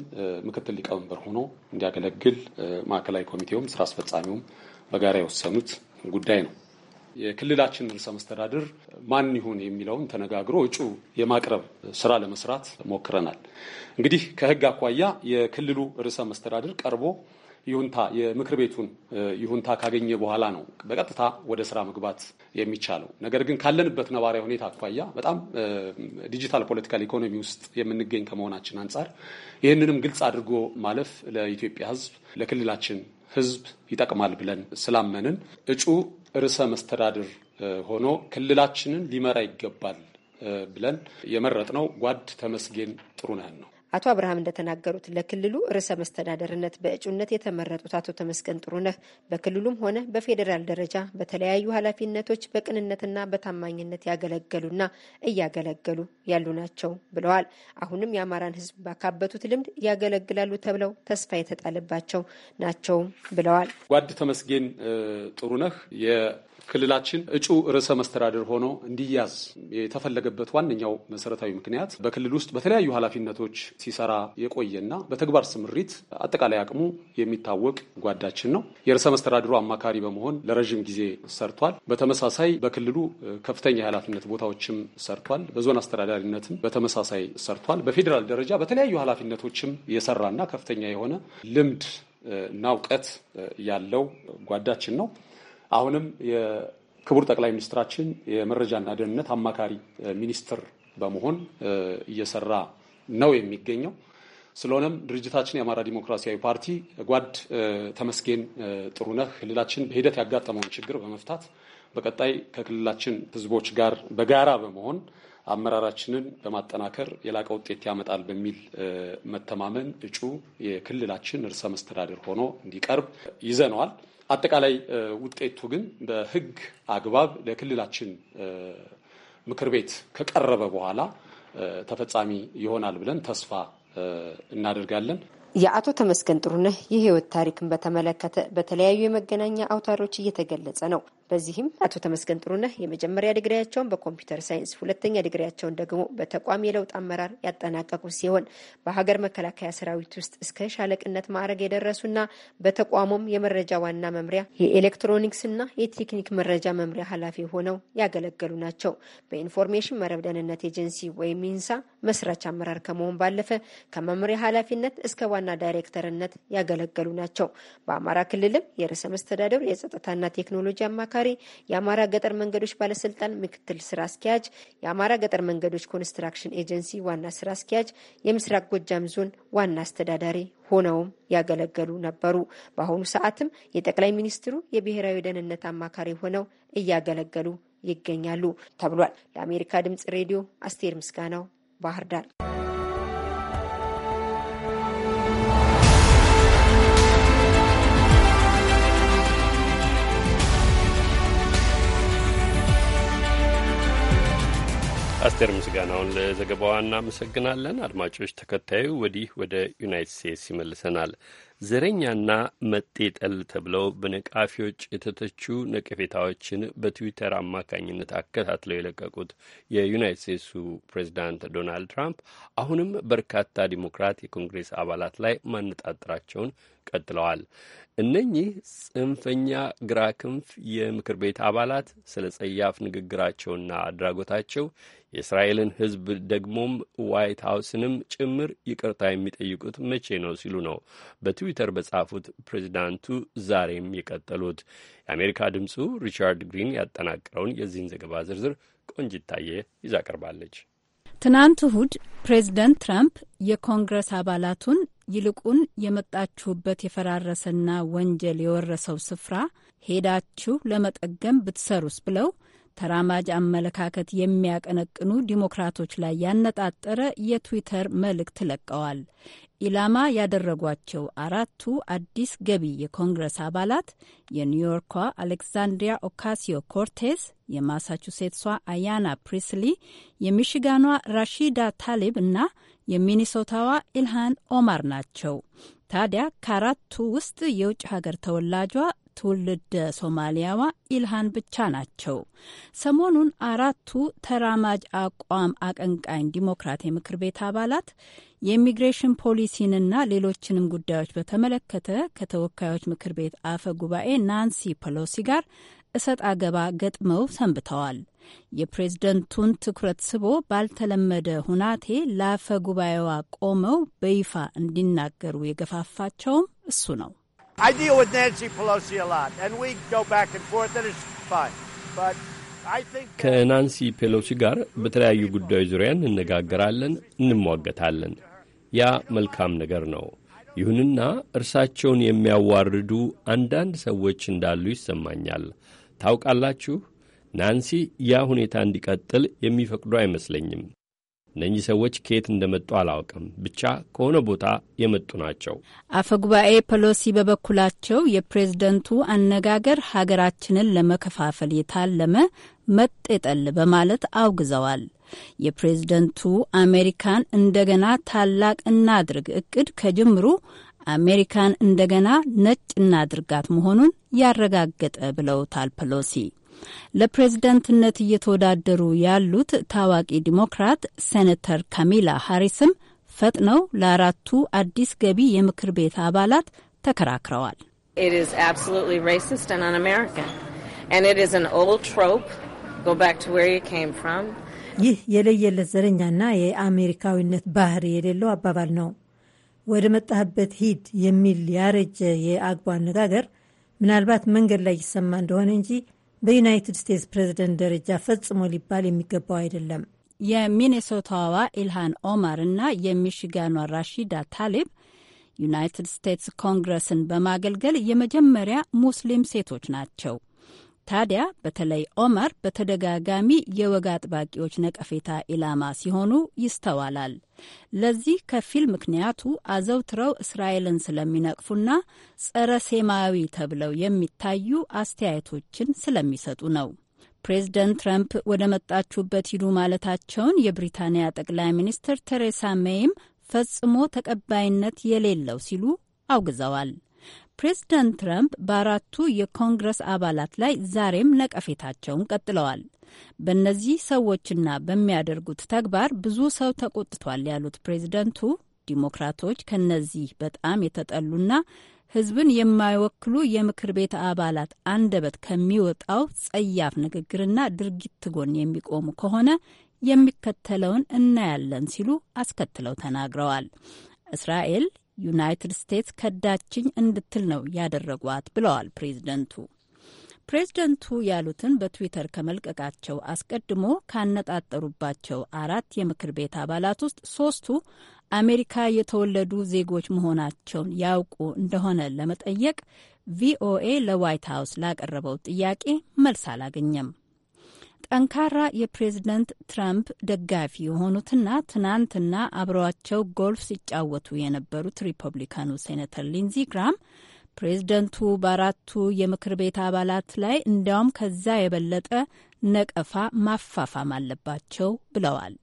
ምክትል ሊቀመንበር ሆኖ እንዲያገለግል ማዕከላዊ ኮሚቴውም ስራ አስፈጻሚውም በጋራ የወሰኑት ጉዳይ ነው። የክልላችን ርዕሰ መስተዳድር ማን ይሁን የሚለውን ተነጋግሮ እጩ የማቅረብ ስራ ለመስራት ሞክረናል። እንግዲህ ከህግ አኳያ የክልሉ ርዕሰ መስተዳድር ቀርቦ ይሁንታ የምክር ቤቱን ይሁንታ ካገኘ በኋላ ነው በቀጥታ ወደ ስራ መግባት የሚቻለው። ነገር ግን ካለንበት ነባራዊ ሁኔታ አኳያ በጣም ዲጂታል ፖለቲካል ኢኮኖሚ ውስጥ የምንገኝ ከመሆናችን አንጻር ይህንንም ግልጽ አድርጎ ማለፍ ለኢትዮጵያ ሕዝብ ለክልላችን ሕዝብ ይጠቅማል ብለን ስላመንን እጩ ርዕሰ መስተዳድር ሆኖ ክልላችንን ሊመራ ይገባል ብለን የመረጥነው ጓድ ተመስገን ጥሩነህን ነው። አቶ አብርሃም እንደተናገሩት ለክልሉ ርዕሰ መስተዳደርነት በእጩነት የተመረጡት አቶ ተመስገን ጥሩነህ በክልሉም ሆነ በፌዴራል ደረጃ በተለያዩ ኃላፊነቶች በቅንነትና በታማኝነት ያገለገሉና እያገለገሉ ያሉ ናቸው ብለዋል። አሁንም የአማራን ሕዝብ ባካበቱት ልምድ ያገለግላሉ ተብለው ተስፋ የተጣለባቸው ናቸው ብለዋል። ጓድ ተመስገን ጥሩነህ ክልላችን እጩ ርዕሰ መስተዳደር ሆኖ እንዲያዝ የተፈለገበት ዋነኛው መሰረታዊ ምክንያት በክልል ውስጥ በተለያዩ ኃላፊነቶች ሲሰራ የቆየና በተግባር ስምሪት አጠቃላይ አቅሙ የሚታወቅ ጓዳችን ነው። የርዕሰ መስተዳድሩ አማካሪ በመሆን ለረዥም ጊዜ ሰርቷል። በተመሳሳይ በክልሉ ከፍተኛ የኃላፊነት ቦታዎችም ሰርቷል። በዞን አስተዳዳሪነትም በተመሳሳይ ሰርቷል። በፌዴራል ደረጃ በተለያዩ ኃላፊነቶችም የሰራና ከፍተኛ የሆነ ልምድ እና እውቀት ያለው ጓዳችን ነው። አሁንም የክቡር ጠቅላይ ሚኒስትራችን የመረጃና ደህንነት አማካሪ ሚኒስትር በመሆን እየሰራ ነው የሚገኘው። ስለሆነም ድርጅታችን የአማራ ዲሞክራሲያዊ ፓርቲ ጓድ ተመስገን ጥሩነህ ክልላችን በሂደት ያጋጠመውን ችግር በመፍታት በቀጣይ ከክልላችን ህዝቦች ጋር በጋራ በመሆን አመራራችንን በማጠናከር የላቀ ውጤት ያመጣል በሚል መተማመን እጩ የክልላችን ርዕሰ መስተዳድር ሆኖ እንዲቀርብ ይዘነዋል። አጠቃላይ ውጤቱ ግን በህግ አግባብ ለክልላችን ምክር ቤት ከቀረበ በኋላ ተፈጻሚ ይሆናል ብለን ተስፋ እናደርጋለን። የአቶ ተመስገን ጥሩነህ የህይወት ታሪክን በተመለከተ በተለያዩ የመገናኛ አውታሮች እየተገለጸ ነው። በዚህም አቶ ተመስገን ጥሩነህ የመጀመሪያ ዲግሪያቸውን በኮምፒውተር ሳይንስ፣ ሁለተኛ ዲግሪያቸውን ደግሞ በተቋም የለውጥ አመራር ያጠናቀቁ ሲሆን በሀገር መከላከያ ሰራዊት ውስጥ እስከ ሻለቅነት ማዕረግ የደረሱና በተቋሙም የመረጃ ዋና መምሪያ የኤሌክትሮኒክስና የቴክኒክ መረጃ መምሪያ ኃላፊ ሆነው ያገለገሉ ናቸው። በኢንፎርሜሽን መረብ ደህንነት ኤጀንሲ ወይም ኢንሳ መስራች አመራር ከመሆን ባለፈ ከመምሪያ ኃላፊነት እስከ ዋና ዳይሬክተርነት ያገለገሉ ናቸው። በአማራ ክልልም የርዕሰ መስተዳደሩ የጸጥታና ቴክኖሎጂ አማካ አማካሪ፣ የአማራ ገጠር መንገዶች ባለስልጣን ምክትል ስራ አስኪያጅ፣ የአማራ ገጠር መንገዶች ኮንስትራክሽን ኤጀንሲ ዋና ስራ አስኪያጅ፣ የምስራቅ ጎጃም ዞን ዋና አስተዳዳሪ ሆነውም ያገለገሉ ነበሩ። በአሁኑ ሰዓትም የጠቅላይ ሚኒስትሩ የብሔራዊ ደህንነት አማካሪ ሆነው እያገለገሉ ይገኛሉ ተብሏል። ለአሜሪካ ድምጽ ሬዲዮ አስቴር ምስጋናው ባህር ዳር አስቴር ምስጋናውን ለዘገባዋ እናመሰግናለን። አድማጮች፣ ተከታዩ ወዲህ ወደ ዩናይትድ ስቴትስ ይመልሰናል። ዘረኛና መጤ ጠል ተብለው በነቃፊዎች የተተቹ ነቀፌታዎችን በትዊተር አማካኝነት አከታትለው የለቀቁት የዩናይት ስቴትሱ ፕሬዚዳንት ዶናልድ ትራምፕ አሁንም በርካታ ዲሞክራት የኮንግሬስ አባላት ላይ ማነጣጠራቸውን ቀጥለዋል። እነኚህ ጽንፈኛ ግራ ክንፍ የምክር ቤት አባላት ስለ ጸያፍ ንግግራቸውና አድራጎታቸው የእስራኤልን ሕዝብ ደግሞም ዋይት ሀውስንም ጭምር ይቅርታ የሚጠይቁት መቼ ነው ሲሉ ነው በት በትዊተር በጻፉት ፕሬዚዳንቱ ዛሬም የቀጠሉት። የአሜሪካ ድምፁ ሪቻርድ ግሪን ያጠናቀረውን የዚህን ዘገባ ዝርዝር ቆንጅታየ ይዛ ቀርባለች። ትናንት እሁድ ፕሬዚደንት ትራምፕ የኮንግረስ አባላቱን ይልቁን የመጣችሁበት የፈራረሰና ወንጀል የወረሰው ስፍራ ሄዳችሁ ለመጠገም ብትሰሩስ ብለው ተራማጅ አመለካከት የሚያቀነቅኑ ዲሞክራቶች ላይ ያነጣጠረ የትዊተር መልእክት ለቀዋል። ኢላማ ያደረጓቸው አራቱ አዲስ ገቢ የኮንግረስ አባላት የኒውዮርኳ አሌክዛንድሪያ ኦካሲዮ ኮርቴስ፣ የማሳቹሴትሷ አያና ፕሪስሊ፣ የሚሽጋኗ ራሺዳ ታሊብ እና የሚኒሶታዋ ኢልሃን ኦማር ናቸው። ታዲያ ከአራቱ ውስጥ የውጭ ሀገር ተወላጇ ትውልድ ሶማሊያዋ ኢልሃን ብቻ ናቸው። ሰሞኑን አራቱ ተራማጅ አቋም አቀንቃኝ ዲሞክራት የምክር ቤት አባላት የኢሚግሬሽን ፖሊሲንና ሌሎችንም ጉዳዮች በተመለከተ ከተወካዮች ምክር ቤት አፈ ጉባኤ ናንሲ ፐሎሲ ጋር እሰጥ አገባ ገጥመው ሰንብተዋል። የፕሬዝደንቱን ትኩረት ስቦ ባልተለመደ ሁናቴ ለአፈ ጉባኤዋ ቆመው በይፋ እንዲናገሩ የገፋፋቸውም እሱ ነው። I deal with Nancy Pelosi a lot, and we go back and forth, and it's fine. But ከናንሲ ፔሎሲ ጋር በተለያዩ ጉዳዮች ዙሪያ እንነጋገራለን፣ እንሟገታለን። ያ መልካም ነገር ነው። ይሁንና እርሳቸውን የሚያዋርዱ አንዳንድ ሰዎች እንዳሉ ይሰማኛል። ታውቃላችሁ፣ ናንሲ ያ ሁኔታ እንዲቀጥል የሚፈቅዱ አይመስለኝም። እነኚህ ሰዎች ከየት እንደመጡ አላውቅም፣ ብቻ ከሆነ ቦታ የመጡ ናቸው። አፈጉባኤ ፐሎሲ በበኩላቸው የፕሬዝደንቱ አነጋገር ሀገራችንን ለመከፋፈል የታለመ መጤጠል በማለት አውግዘዋል። የፕሬዝደንቱ አሜሪካን እንደገና ታላቅ እናድርግ እቅድ ከጅምሩ አሜሪካን እንደገና ነጭ እናድርጋት መሆኑን ያረጋገጠ ብለውታል ፐሎሲ። ለፕሬዝደንትነት እየተወዳደሩ ያሉት ታዋቂ ዲሞክራት ሴኔተር ካሚላ ሃሪስም ፈጥነው ለአራቱ አዲስ ገቢ የምክር ቤት አባላት ተከራክረዋል። ይህ የለየለት ዘረኛና የአሜሪካዊነት ባህሪ የሌለው አባባል ነው። ወደ መጣህበት ሂድ የሚል ያረጀ የአግቧ አነጋገር ምናልባት መንገድ ላይ ይሰማ እንደሆነ እንጂ በዩናይትድ ስቴትስ ፕሬዝደንት ደረጃ ፈጽሞ ሊባል የሚገባው አይደለም። የሚኔሶታዋ ኢልሃን ኦማር እና የሚሽጋኗ ራሺዳ ታሊብ ዩናይትድ ስቴትስ ኮንግረስን በማገልገል የመጀመሪያ ሙስሊም ሴቶች ናቸው። ታዲያ በተለይ ኦመር በተደጋጋሚ የወግ አጥባቂዎች ነቀፌታ ኢላማ ሲሆኑ ይስተዋላል። ለዚህ ከፊል ምክንያቱ አዘውትረው እስራኤልን ስለሚነቅፉና ጸረ ሴማዊ ተብለው የሚታዩ አስተያየቶችን ስለሚሰጡ ነው። ፕሬዚደንት ትራምፕ ወደ መጣችሁበት ሂዱ ማለታቸውን የብሪታንያ ጠቅላይ ሚኒስትር ቴሬሳ ሜይም ፈጽሞ ተቀባይነት የሌለው ሲሉ አውግዘዋል። ፕሬዝደንት ትራምፕ በአራቱ የኮንግረስ አባላት ላይ ዛሬም ነቀፌታቸውን ቀጥለዋል። በእነዚህ ሰዎችና በሚያደርጉት ተግባር ብዙ ሰው ተቆጥቷል ያሉት ፕሬዝደንቱ ዲሞክራቶች ከነዚህ በጣም የተጠሉና ሕዝብን የማይወክሉ የምክር ቤት አባላት አንደበት ከሚወጣው ጸያፍ ንግግርና ድርጊት ጎን የሚቆሙ ከሆነ የሚከተለውን እናያለን ሲሉ አስከትለው ተናግረዋል። እስራኤል ዩናይትድ ስቴትስ ከዳችኝ እንድትል ነው ያደረጓት ብለዋል ፕሬዝደንቱ። ፕሬዝደንቱ ያሉትን በትዊተር ከመልቀቃቸው አስቀድሞ ካነጣጠሩባቸው አራት የምክር ቤት አባላት ውስጥ ሶስቱ አሜሪካ የተወለዱ ዜጎች መሆናቸውን ያውቁ እንደሆነ ለመጠየቅ ቪኦኤ ለዋይት ሀውስ ላቀረበው ጥያቄ መልስ አላገኘም። ጠንካራ የፕሬዝደንት ትራምፕ ደጋፊ የሆኑትና ትናንትና አብረዋቸው ጎልፍ ሲጫወቱ የነበሩት ሪፐብሊካኑ ሴኔተር ሊንዚ ግራም ፕሬዝደንቱ በአራቱ የምክር ቤት አባላት ላይ እንዲያውም ከዛ የበለጠ ነቀፋ ማፋፋም አለባቸው ብለዋል።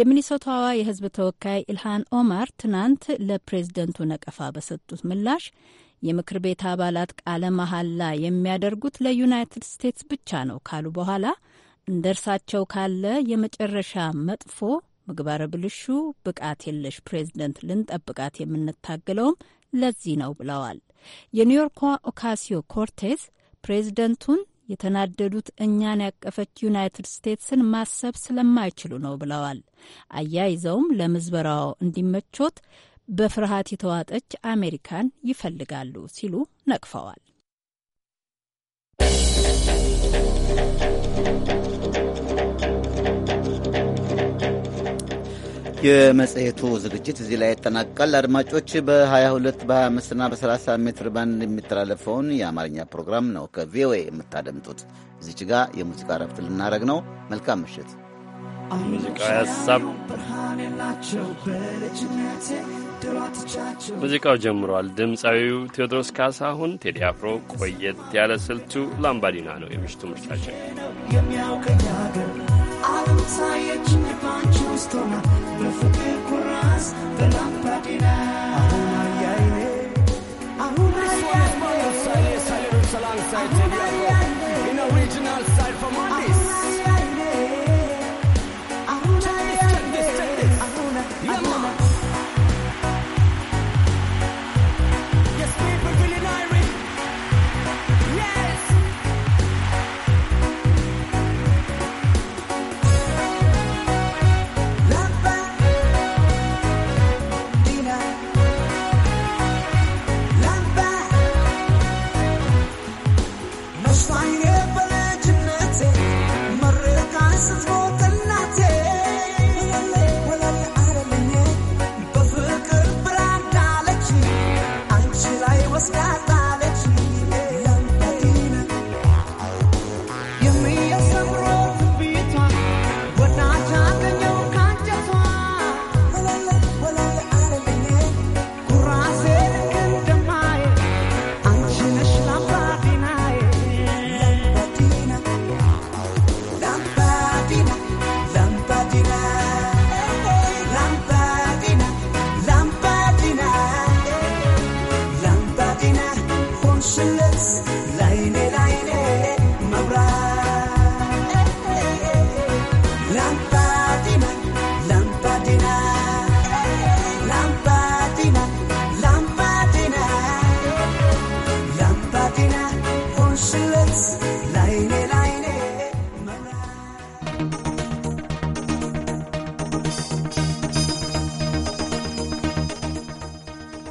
የሚኒሶታዋ የህዝብ ተወካይ ኢልሃን ኦማር ትናንት ለፕሬዝደንቱ ነቀፋ በሰጡት ምላሽ የምክር ቤት አባላት ቃለ መሐላ የሚያደርጉት ለዩናይትድ ስቴትስ ብቻ ነው ካሉ በኋላ እንደ እርሳቸው ካለ የመጨረሻ መጥፎ ምግባረ ብልሹ ብቃት የለሽ ፕሬዝደንት ልንጠብቃት የምንታገለውም ለዚህ ነው ብለዋል። የኒውዮርኳ ኦካሲዮ ኮርቴዝ ፕሬዝደንቱን የተናደዱት እኛን ያቀፈች ዩናይትድ ስቴትስን ማሰብ ስለማይችሉ ነው ብለዋል። አያይዘውም ለምዝበራው እንዲመቾት በፍርሃት የተዋጠች አሜሪካን ይፈልጋሉ ሲሉ ነቅፈዋል። የመጽሔቱ ዝግጅት እዚህ ላይ ይጠናቀቃል። አድማጮች በ22 በ25ና በ30 ሜትር ባንድ የሚተላለፈውን የአማርኛ ፕሮግራም ነው ከቪኦኤ የምታደምጡት። እዚች ጋ የሙዚቃ ረፍት ልናደረግ ነው። መልካም ምሽት። ሙዚቃ ያሳብ ሙዚቃው ጀምሯል። ድምፃዊው ቴዎድሮስ ካሳሁን ቴዲ አፍሮ ቆየት ያለ ስልቱ ላምባዲና ነው የምሽቱ ምርጫችን።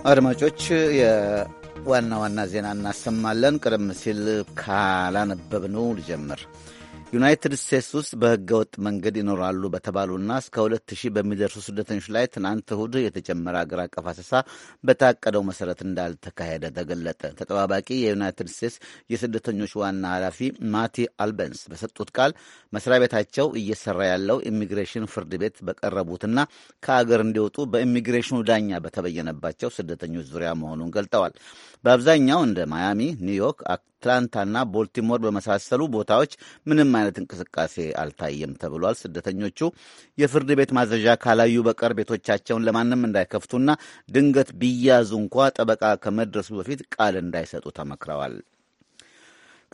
አድማጮች የዋና ዋና ዜና እናሰማለን። ቀደም ሲል ካላነበብነው ልጀምር። ዩናይትድ ስቴትስ ውስጥ በህገ ወጥ መንገድ ይኖራሉ በተባሉና እስከ ሁለት ሺህ በሚደርሱ ስደተኞች ላይ ትናንት እሁድ የተጀመረ አገር አቀፍ አሰሳ በታቀደው መሰረት እንዳልተካሄደ ተገለጠ። ተጠባባቂ የዩናይትድ ስቴትስ የስደተኞች ዋና ኃላፊ ማቲ አልበንስ በሰጡት ቃል መስሪያ ቤታቸው እየሰራ ያለው ኢሚግሬሽን ፍርድ ቤት በቀረቡትና ከአገር እንዲወጡ በኢሚግሬሽኑ ዳኛ በተበየነባቸው ስደተኞች ዙሪያ መሆኑን ገልጠዋል። በአብዛኛው እንደ ማያሚ፣ ኒውዮርክ አትላንታና ቦልቲሞር በመሳሰሉ ቦታዎች ምንም አይነት እንቅስቃሴ አልታየም ተብሏል። ስደተኞቹ የፍርድ ቤት ማዘዣ ካላዩ በቀር ቤቶቻቸውን ለማንም እንዳይከፍቱና ድንገት ቢያዙ እንኳ ጠበቃ ከመድረሱ በፊት ቃል እንዳይሰጡ ተመክረዋል።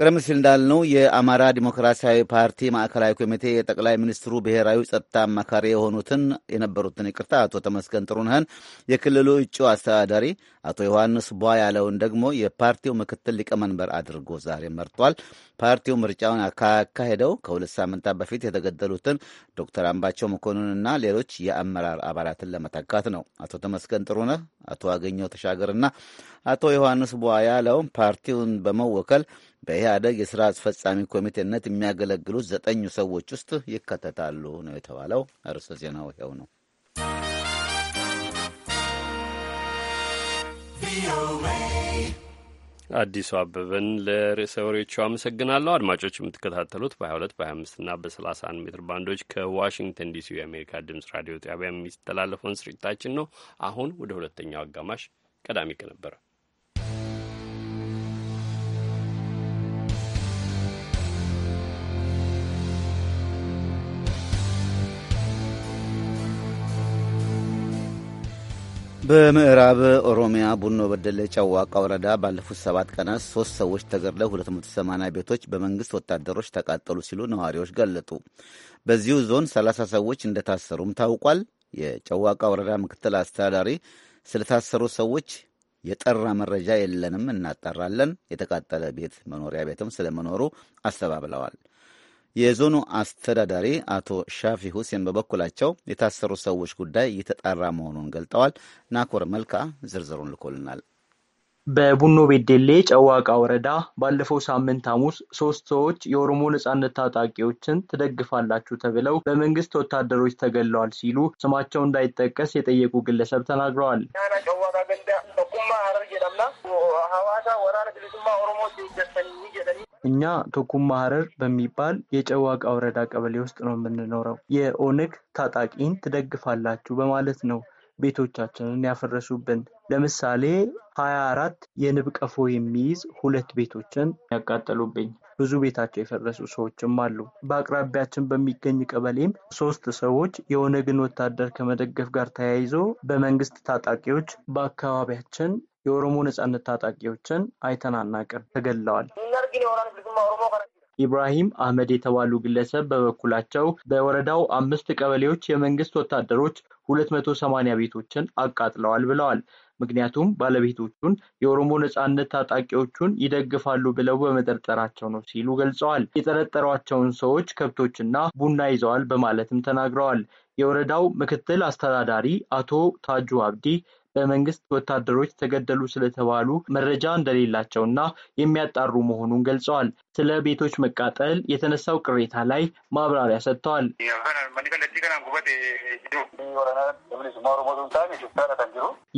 ቀደም ሲል እንዳልነው የአማራ ዲሞክራሲያዊ ፓርቲ ማዕከላዊ ኮሚቴ የጠቅላይ ሚኒስትሩ ብሔራዊ ጸጥታ አማካሪ የሆኑትን የነበሩትን ይቅርታ አቶ ተመስገን ጥሩነህን የክልሉ እጩ አስተዳዳሪ አቶ ዮሐንስ ቧ ያለውን ደግሞ የፓርቲው ምክትል ሊቀመንበር አድርጎ ዛሬ መርጧል። ፓርቲው ምርጫውን ካካሄደው ከሁለት ሳምንታት በፊት የተገደሉትን ዶክተር አምባቸው መኮንንና ሌሎች የአመራር አባላትን ለመተካት ነው። አቶ ተመስገን ጥሩነህ፣ አቶ አገኘው ተሻገርና አቶ ዮሐንስ ቧ ያለው ፓርቲውን በመወከል በኢህአደግ የሥራ አስፈጻሚ ኮሚቴነት የሚያገለግሉት ዘጠኙ ሰዎች ውስጥ ይከተታሉ ነው የተባለው። አርዕስተ ዜናው ይኸው ነው። አዲሱ አበበን ለርዕሰ ወሬዎቹ አመሰግናለሁ። አድማጮች የምትከታተሉት በ22 በ25ና በ31 ሜትር ባንዶች ከዋሽንግተን ዲሲ የአሜሪካ ድምጽ ራዲዮ ጣቢያ የሚተላለፈውን ስርጭታችን ነው። አሁን ወደ ሁለተኛው አጋማሽ ቀዳሚ ከነበረ በምዕራብ ኦሮሚያ ቡኖ በደሌ ጨዋቃ ወረዳ ባለፉት ሰባት ቀናት ሶስት ሰዎች ተገድለው 280 ቤቶች በመንግስት ወታደሮች ተቃጠሉ ሲሉ ነዋሪዎች ገለጡ። በዚሁ ዞን 30 ሰዎች እንደታሰሩም ታውቋል። የጨዋቃ ወረዳ ምክትል አስተዳዳሪ ስለታሰሩ ሰዎች የጠራ መረጃ የለንም፣ እናጣራለን። የተቃጠለ ቤት መኖሪያ ቤትም ስለመኖሩ አስተባብለዋል። የዞኑ አስተዳዳሪ አቶ ሻፊ ሁሴን በበኩላቸው የታሰሩ ሰዎች ጉዳይ እየተጣራ መሆኑን ገልጠዋል። ናኮር መልካ ዝርዝሩን ልኮልናል። በቡኖ ቤዴሌ ጨዋቃ ወረዳ ባለፈው ሳምንት ሐሙስ ሶስት ሰዎች የኦሮሞ ነጻነት ታጣቂዎችን ትደግፋላችሁ ተብለው በመንግስት ወታደሮች ተገለዋል ሲሉ ስማቸው እንዳይጠቀስ የጠየቁ ግለሰብ ተናግረዋል። እኛ ቶኩማ ሀረር በሚባል የጨዋቃ ወረዳ ቀበሌ ውስጥ ነው የምንኖረው። የኦነግ ታጣቂን ትደግፋላችሁ በማለት ነው ቤቶቻችንን ያፈረሱብን። ለምሳሌ ሀያ አራት የንብ ቀፎ የሚይዝ ሁለት ቤቶችን ያቃጠሉብኝ። ብዙ ቤታቸው የፈረሱ ሰዎችም አሉ። በአቅራቢያችን በሚገኝ ቀበሌም ሶስት ሰዎች የኦነግን ወታደር ከመደገፍ ጋር ተያይዞ በመንግስት ታጣቂዎች በአካባቢያችን የኦሮሞ ነጻነት ታጣቂዎችን አይተናናቅም ተገለዋል። ኢብራሂም አህመድ የተባሉ ግለሰብ በበኩላቸው በወረዳው አምስት ቀበሌዎች የመንግስት ወታደሮች ሰማኒያ ቤቶችን አቃጥለዋል ብለዋል። ምክንያቱም ባለቤቶቹን የኦሮሞ ነጻነት ታጣቂዎቹን ይደግፋሉ ብለው በመጠርጠራቸው ነው ሲሉ ገልጸዋል። የጠረጠሯቸውን ሰዎች ከብቶችና ቡና ይዘዋል በማለትም ተናግረዋል። የወረዳው ምክትል አስተዳዳሪ አቶ ታጁ አብዲ በመንግስት ወታደሮች ተገደሉ ስለተባሉ መረጃ እንደሌላቸውና የሚያጣሩ መሆኑን ገልጸዋል። ስለ ቤቶች መቃጠል የተነሳው ቅሬታ ላይ ማብራሪያ ሰጥተዋል።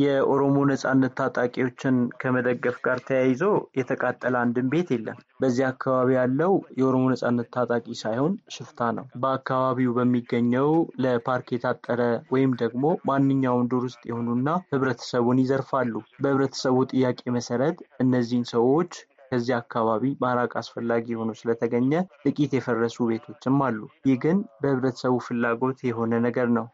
የኦሮሞ ነጻነት ታጣቂዎችን ከመደገፍ ጋር ተያይዞ የተቃጠለ አንድም ቤት የለም። በዚህ አካባቢ ያለው የኦሮሞ ነጻነት ታጣቂ ሳይሆን ሽፍታ ነው። በአካባቢው በሚገኘው ለፓርክ የታጠረ ወይም ደግሞ ማንኛውም ዱር ውስጥ የሆኑና ህብረተሰቡን ይዘርፋሉ። በህብረተሰቡ ጥያቄ መሰረት እነዚህን ሰዎች ከዚህ አካባቢ ማራቅ አስፈላጊ ሆኖ ስለተገኘ ጥቂት የፈረሱ ቤቶችም አሉ። ይህ ግን በህብረተሰቡ ፍላጎት የሆነ ነገር ነው።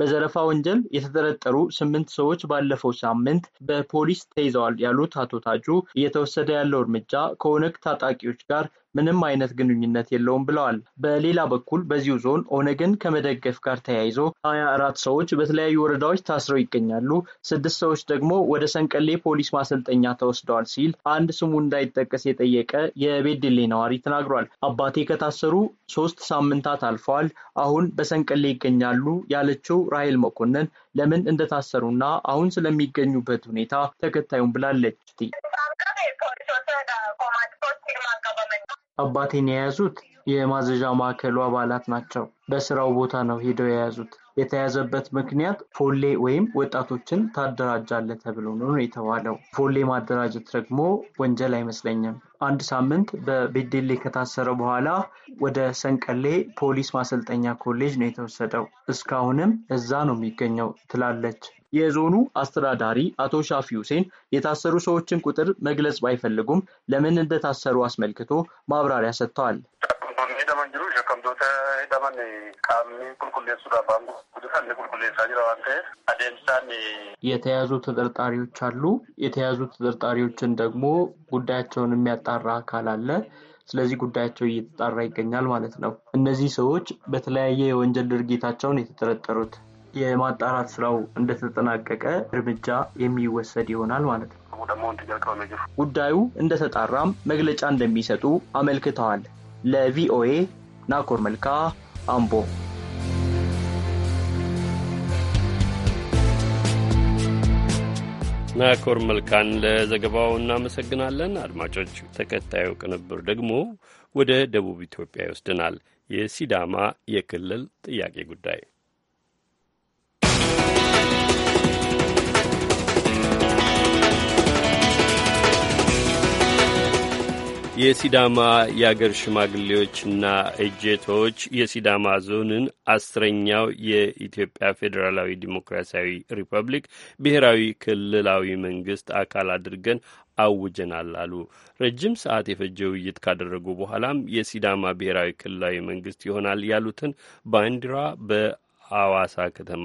በዘረፋ ወንጀል የተጠረጠሩ ስምንት ሰዎች ባለፈው ሳምንት በፖሊስ ተይዘዋል ያሉት አቶ ታጁ እየተወሰደ ያለው እርምጃ ከኦነግ ታጣቂዎች ጋር ምንም አይነት ግንኙነት የለውም ብለዋል። በሌላ በኩል በዚሁ ዞን ኦነግን ከመደገፍ ጋር ተያይዞ ሀያ አራት ሰዎች በተለያዩ ወረዳዎች ታስረው ይገኛሉ። ስድስት ሰዎች ደግሞ ወደ ሰንቀሌ ፖሊስ ማሰልጠኛ ተወስደዋል ሲል አንድ ስሙ እንዳይጠቀስ የጠየቀ የቤድሌ ነዋሪ ተናግሯል። አባቴ ከታሰሩ ሶስት ሳምንታት አልፈዋል። አሁን በሰንቀሌ ይገኛሉ ያለችው ራሄል መኮንን ለምን እንደታሰሩና አሁን ስለሚገኙበት ሁኔታ ተከታዩን ብላለች። አባቴን የያዙት የማዘዣ ማዕከሉ አባላት ናቸው በስራው ቦታ ነው ሄደው የያዙት የተያዘበት ምክንያት ፎሌ ወይም ወጣቶችን ታደራጃለህ ተብሎ ነው የተባለው። ፎሌ ማደራጀት ደግሞ ወንጀል አይመስለኝም። አንድ ሳምንት በቤዴሌ ከታሰረ በኋላ ወደ ሰንቀሌ ፖሊስ ማሰልጠኛ ኮሌጅ ነው የተወሰደው። እስካሁንም እዛ ነው የሚገኘው ትላለች። የዞኑ አስተዳዳሪ አቶ ሻፊ ሁሴን የታሰሩ ሰዎችን ቁጥር መግለጽ ባይፈልጉም ለምን እንደታሰሩ አስመልክቶ ማብራሪያ ሰጥተዋል። jiru shakkamtoota hidhaman qaamni qulqulleessuudhaaf waan guddisan qulqulleessaa jira waan ta'eef adeemsaan የተያዙ ተጠርጣሪዎች አሉ። የተያዙ ተጠርጣሪዎችን ደግሞ ጉዳያቸውን የሚያጣራ አካል አለ። ስለዚህ ጉዳያቸው እየተጣራ ይገኛል ማለት ነው። እነዚህ ሰዎች በተለያየ የወንጀል ድርጊታቸውን የተጠረጠሩት የማጣራት ስራው እንደተጠናቀቀ እርምጃ የሚወሰድ ይሆናል ማለት ነው። ጉዳዩ እንደተጣራም መግለጫ እንደሚሰጡ አመልክተዋል። ለቪኦኤ ናኮር መልካ አምቦ ናኮር መልካን ለዘገባው እናመሰግናለን። አድማጮች፣ ተከታዩ ቅንብር ደግሞ ወደ ደቡብ ኢትዮጵያ ይወስደናል። የሲዳማ የክልል ጥያቄ ጉዳይ የሲዳማ የአገር ሽማግሌዎችና እጀቶች የሲዳማ ዞንን አስረኛው የኢትዮጵያ ፌዴራላዊ ዲሞክራሲያዊ ሪፐብሊክ ብሔራዊ ክልላዊ መንግስት አካል አድርገን አውጀናል አሉ። ረጅም ሰዓት የፈጀ ውይይት ካደረጉ በኋላም የሲዳማ ብሔራዊ ክልላዊ መንግስት ይሆናል ያሉትን ባንዲራ በአዋሳ ከተማ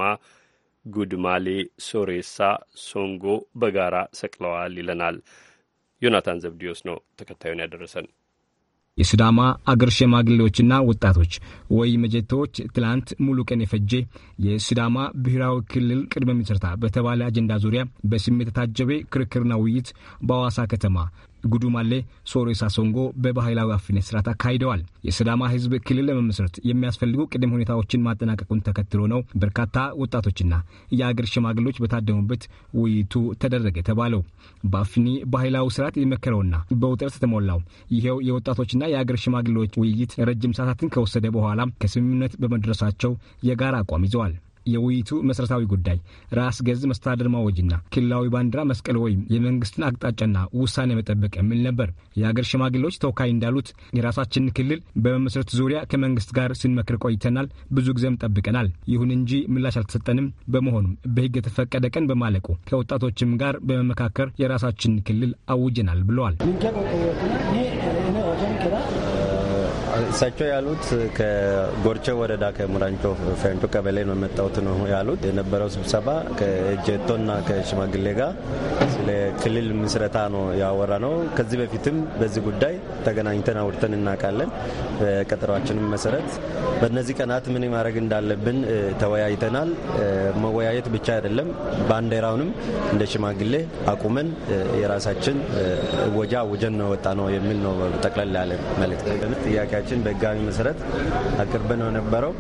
ጉድማሌ፣ ሶሬሳ፣ ሶንጎ በጋራ ሰቅለዋል ይለናል። ዮናታን ዘብዲዮስ ነው ተከታዩን ያደረሰን። የሲዳማ አገር ሽማግሌዎችና ወጣቶች ወይ መጀቶዎች ትላንት ሙሉ ቀን የፈጀ የሲዳማ ብሔራዊ ክልል ቅድመ ምስረታ በተባለ አጀንዳ ዙሪያ በስሜት የታጀበ ክርክርና ውይይት በሐዋሳ ከተማ ጉዱማሌ ሶሬሳ ሶንጎ በባህላዊ አፍኔ ስርዓት አካሂደዋል። የስዳማ ህዝብ ክልል ለመመስረት የሚያስፈልጉ ቅድም ሁኔታዎችን ማጠናቀቁን ተከትሎ ነው በርካታ ወጣቶችና የአገር ሽማግሎች በታደሙበት ውይይቱ ተደረገ የተባለው። በአፍኒ ባህላዊ ስርዓት የመከረውና በውጥረት የተሞላው ይኸው የወጣቶችና የአገር ሽማግሎች ውይይት ረጅም ሰዓታትን ከወሰደ በኋላ ከስምምነት በመድረሳቸው የጋራ አቋም ይዘዋል። የውይይቱ መሠረታዊ ጉዳይ ራስ ገዝ መስተዳደር ማወጅና ክልላዊ ባንዲራ መስቀል ወይም የመንግስትን አቅጣጫና ውሳኔ መጠበቅ የሚል ነበር። የአገር ሽማግሌዎች ተወካይ እንዳሉት የራሳችንን ክልል በመመስረት ዙሪያ ከመንግስት ጋር ስንመክር ቆይተናል፣ ብዙ ጊዜም ጠብቀናል። ይሁን እንጂ ምላሽ አልተሰጠንም። በመሆኑም በህግ የተፈቀደ ቀን በማለቁ ከወጣቶችም ጋር በመመካከር የራሳችንን ክልል አውጀናል ብለዋል። እሳቸው ያሉት ከጎርቸ ወረዳ ከሙራንጮ ፈንጮ ቀበሌ ነው የመጣሁት ነው ያሉት። የነበረው ስብሰባ ከእጀቶና ከሽማግሌ ጋር ስለ ክልል ምስረታ ነው ያወራ ነው። ከዚህ በፊትም በዚህ ጉዳይ ተገናኝተን አውርተን እናውቃለን። በቀጠሯችንም መሰረት በእነዚህ ቀናት ምን ማድረግ እንዳለብን ተወያይተናል። መወያየት ብቻ አይደለም፣ ባንዲራውንም እንደ ሽማግሌ አቁመን የራሳችን ወጃ ውጀን ነው ወጣ ነው የሚል ነው ጠቅለል ያለ መልእክት ጥያቄያችን ጥያቄዎችን በሕጋዊ መሰረት ነው ነበረው።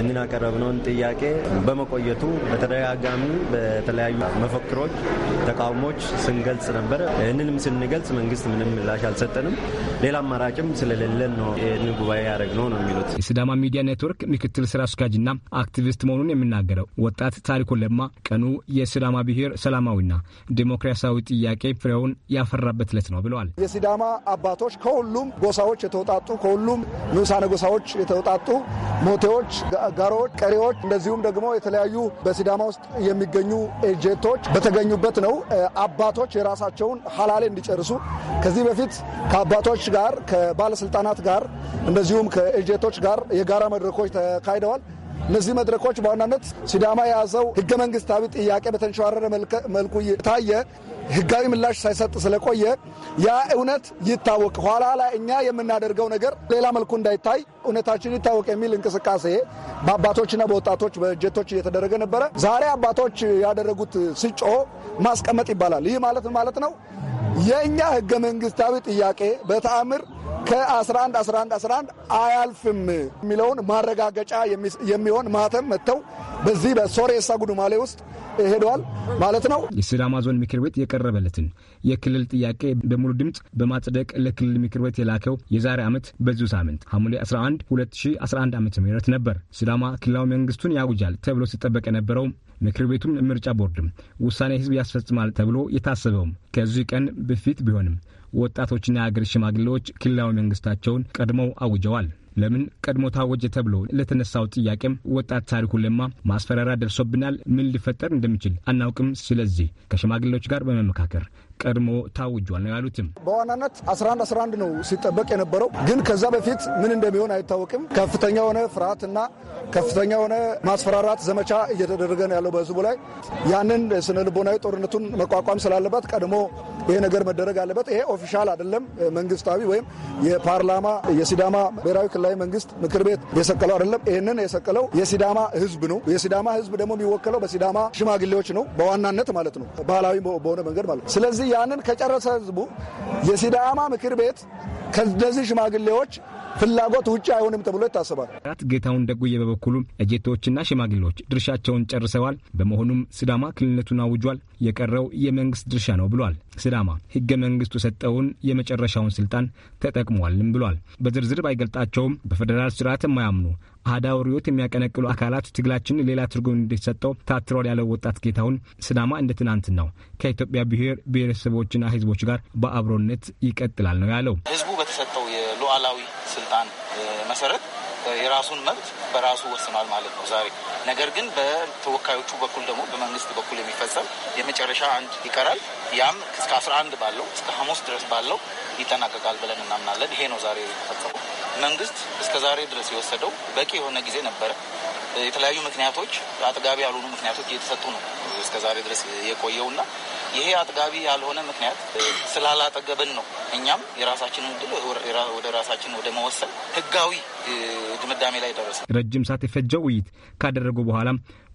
እንን ያቀረብነውን ጥያቄ በመቆየቱ በተደጋጋሚ በተለያዩ መፈክሮች፣ ተቃውሞች ስንገልጽ ነበረ። ይህንንም ስንገልጽ መንግስት ምንም ምላሽ አልሰጠንም። ሌላ አማራጭም ስለሌለን ነው ይህን ጉባኤ ያደረግነው ነው የሚሉት የሲዳማ ሚዲያ ኔትወርክ ምክትል ስራ አስኪያጅና አክቲቪስት መሆኑን የምናገረው ወጣት ታሪኩ ለማ ቀኑ የሲዳማ ብሔር ሰላማዊና ዲሞክራሲያዊ ጥያቄ ፍሬውን ያፈራበት ዕለት ነው ብለዋል። የሲዳማ አባቶች ከሁሉም ጎሳዎች የተውጣጡ ከሁሉም ንዑሳነ ነጎሳዎች የተውጣጡ ሞቴዎች፣ ጋሮዎች፣ ቀሪዎች እንደዚሁም ደግሞ የተለያዩ በሲዳማ ውስጥ የሚገኙ ኤጀቶች በተገኙበት ነው። አባቶች የራሳቸውን ሀላሌ እንዲጨርሱ ከዚህ በፊት ከአባቶች ጋር ከባለስልጣናት ጋር እንደዚሁም ከኤጀቶች ጋር የጋራ መድረኮች ተካሂደዋል። እነዚህ መድረኮች በዋናነት ሲዳማ የያዘው ህገ መንግስታዊ ጥያቄ በተንሸዋረረ መልኩ ታየ። ህጋዊ ምላሽ ሳይሰጥ ስለቆየ ያ እውነት ይታወቅ፣ ኋላ ላይ እኛ የምናደርገው ነገር ሌላ መልኩ እንዳይታይ እውነታችን ይታወቅ የሚል እንቅስቃሴ በአባቶችና በወጣቶች በእጀቶች እየተደረገ ነበረ። ዛሬ አባቶች ያደረጉት ስጮ ማስቀመጥ ይባላል። ይህ ማለት ማለት ነው የእኛ ህገ መንግስታዊ ጥያቄ በተአምር ከ11 11 11 አያልፍም የሚለውን ማረጋገጫ የሚሆን ማተም መጥተው በዚህ በሶሬሳ ጉዱማሌ ውስጥ ሄደዋል ማለት ነው። የሲዳማ ዞን ምክር ቤት የቀረበለትን የክልል ጥያቄ በሙሉ ድምፅ በማጽደቅ ለክልል ምክር ቤት የላከው የዛሬ ዓመት በዚሁ ሳምንት ሐምሌ 11 2011 ዓ ም ነበር። ሲዳማ ክልላዊ መንግስቱን ያውጃል ተብሎ ሲጠበቅ የነበረው ምክር ቤቱም ምርጫ ቦርድም ውሳኔ ህዝብ ያስፈጽማል ተብሎ የታሰበውም ከዚህ ቀን በፊት ቢሆንም ወጣቶችና የአገር ሽማግሌዎች ክልላዊ መንግስታቸውን ቀድመው አውጀዋል። ለምን ቀድሞ ታወጀ ተብሎ ለተነሳው ጥያቄም ወጣት ታሪኩ ለማ ማስፈራሪያ ደርሶብናል፣ ምን ሊፈጠር እንደሚችል አናውቅም፣ ስለዚህ ከሽማግሌዎች ጋር በመመካከር ቀድሞ ታውጇል ነው ያሉትም። በዋናነት 11 11 ነው ሲጠበቅ የነበረው ግን ከዛ በፊት ምን እንደሚሆን አይታወቅም። ከፍተኛ የሆነ ፍርሃትና ከፍተኛ የሆነ ማስፈራራት ዘመቻ እየተደረገ ነው ያለው በህዝቡ ላይ። ያንን ስነ ልቦናዊ ጦርነቱን መቋቋም ስላለባት ቀድሞ ይሄ ነገር መደረግ አለበት። ይሄ ኦፊሻል አይደለም፣ መንግስታዊ ወይም የፓርላማ የሲዳማ ብሔራዊ ክልላዊ መንግስት ምክር ቤት የሰቀለው አይደለም። ይህንን የሰቀለው የሲዳማ ህዝብ ነው። የሲዳማ ህዝብ ደግሞ የሚወከለው በሲዳማ ሽማግሌዎች ነው፣ በዋናነት ማለት ነው፣ ባህላዊ በሆነ መንገድ ማለት ስለዚህ ስለዚህ ያንን ከጨረሰ ህዝቡ የሲዳማ ምክር ቤት ከነዚህ ሽማግሌዎች ፍላጎት ውጭ አይሆንም ተብሎ ይታሰባል። ራት ጌታውን ደጉዬ በበኩሉ እጀቶችና ሽማግሌዎች ድርሻቸውን ጨርሰዋል። በመሆኑም ስዳማ ክልልነቱን አውጇል። የቀረው የመንግስት ድርሻ ነው ብሏል። ስዳማ ህገ መንግስቱ ሰጠውን የመጨረሻውን ስልጣን ተጠቅሟልም ብሏል። በዝርዝር ባይገልጣቸውም በፌዴራል ስርዓት የማያምኑ አዳውሪዎት የሚያቀነቅሉ አካላት ትግላችን ሌላ ትርጉም እንዲሰጠው ታትሯል ያለው ወጣት ጌታሁን ስዳማ እንደ ትናንት ነው ከኢትዮጵያ ብሔር ብሔረሰቦችና ህዝቦች ጋር በአብሮነት ይቀጥላል ነው ያለው። ህዝቡ በተሰጠው የሉዓላዊ መሰረት የራሱን መብት በራሱ ወስኗል ማለት ነው ዛሬ። ነገር ግን በተወካዮቹ በኩል ደግሞ በመንግስት በኩል የሚፈጸም የመጨረሻ አንድ ይቀራል። ያም እስከ 11 ባለው እስከ ሐሙስ ድረስ ባለው ይጠናቀቃል ብለን እናምናለን። ይሄ ነው ዛሬ የተፈጸመው። መንግስት እስከ ዛሬ ድረስ የወሰደው በቂ የሆነ ጊዜ ነበረ። የተለያዩ ምክንያቶች አጥጋቢ ያልሆኑ ምክንያቶች እየተሰጡ ነው እስከዛሬ ድረስ የቆየውና ይሄ አጥጋቢ ያልሆነ ምክንያት ስላላጠገብን ነው። እኛም የራሳችንን እድል ወደ ራሳችን ወደ መወሰን ህጋዊ ድምዳሜ ላይ ደረሰ። ረጅም ሰዓት የፈጀው ውይይት ካደረጉ በኋላ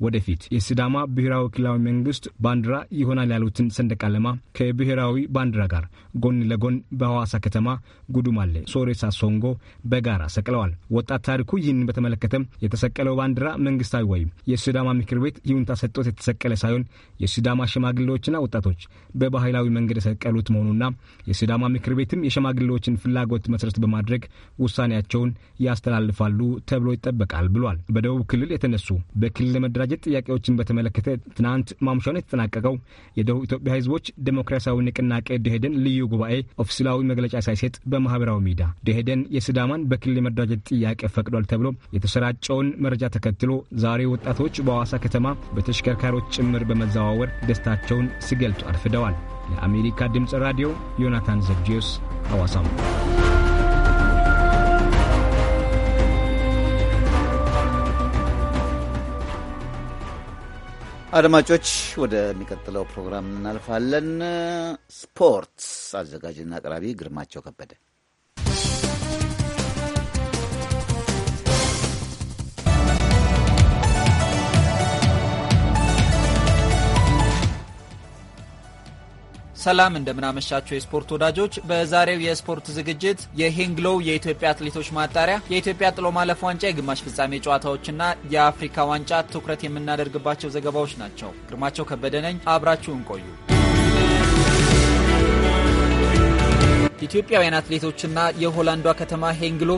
ወደፊት የሲዳማ ብሔራዊ ክልላዊ መንግስት ባንዲራ ይሆናል ያሉትን ሰንደቅ ዓላማ ከብሔራዊ ባንዲራ ጋር ጎን ለጎን በሐዋሳ ከተማ ጉዱማሌ ሶሬሳ ሶንጎ በጋራ ሰቅለዋል። ወጣት ታሪኩ ይህን በተመለከተም የተሰቀለው ባንዲራ መንግስታዊ ወይም የሲዳማ ምክር ቤት ይሁንታ ሰጥቶት የተሰቀለ ሳይሆን የሲዳማ ሽማግሌዎችና ወጣቶች በባህላዊ መንገድ የሰቀሉት መሆኑና የሲዳማ ምክር ቤትም የሽማግሌዎችን ፍላጎት መሰረት በማድረግ ውሳኔያቸውን ያስተላልፋሉ ተብሎ ይጠበቃል ብሏል። በደቡብ ክልል የተነሱ በክልል መደራጀ የአደረጃጀት ጥያቄዎችን በተመለከተ ትናንት ማምሻውን የተጠናቀቀው የደቡብ ኢትዮጵያ ህዝቦች ዴሞክራሲያዊ ንቅናቄ ደሄደን ልዩ ጉባኤ ኦፊሴላዊ መግለጫ ሳይሰጥ በማህበራዊ ሚዲያ ደሄደን የስዳማን በክልል የመደራጀት ጥያቄ ፈቅዷል ተብሎ የተሰራጨውን መረጃ ተከትሎ ዛሬ ወጣቶች በሐዋሳ ከተማ በተሽከርካሪዎች ጭምር በመዘዋወር ደስታቸውን ሲገልጡ አርፍደዋል። ለአሜሪካ ድምፅ ራዲዮ ዮናታን ዘብዲዮስ ሐዋሳም አድማጮች ወደሚቀጥለው ፕሮግራም እናልፋለን። ስፖርት አዘጋጅና አቅራቢ ግርማቸው ከበደ ሰላም እንደምናመሻቸው የስፖርት ወዳጆች። በዛሬው የስፖርት ዝግጅት የሄንግሎው የኢትዮጵያ አትሌቶች ማጣሪያ፣ የኢትዮጵያ ጥሎ ማለፍ ዋንጫ የግማሽ ፍጻሜ ጨዋታዎችና የአፍሪካ ዋንጫ ትኩረት የምናደርግባቸው ዘገባዎች ናቸው። ግርማቸው ከበደ ነኝ። አብራችሁን ቆዩ። ኢትዮጵያውያን አትሌቶችና የሆላንዷ ከተማ ሄንግሎ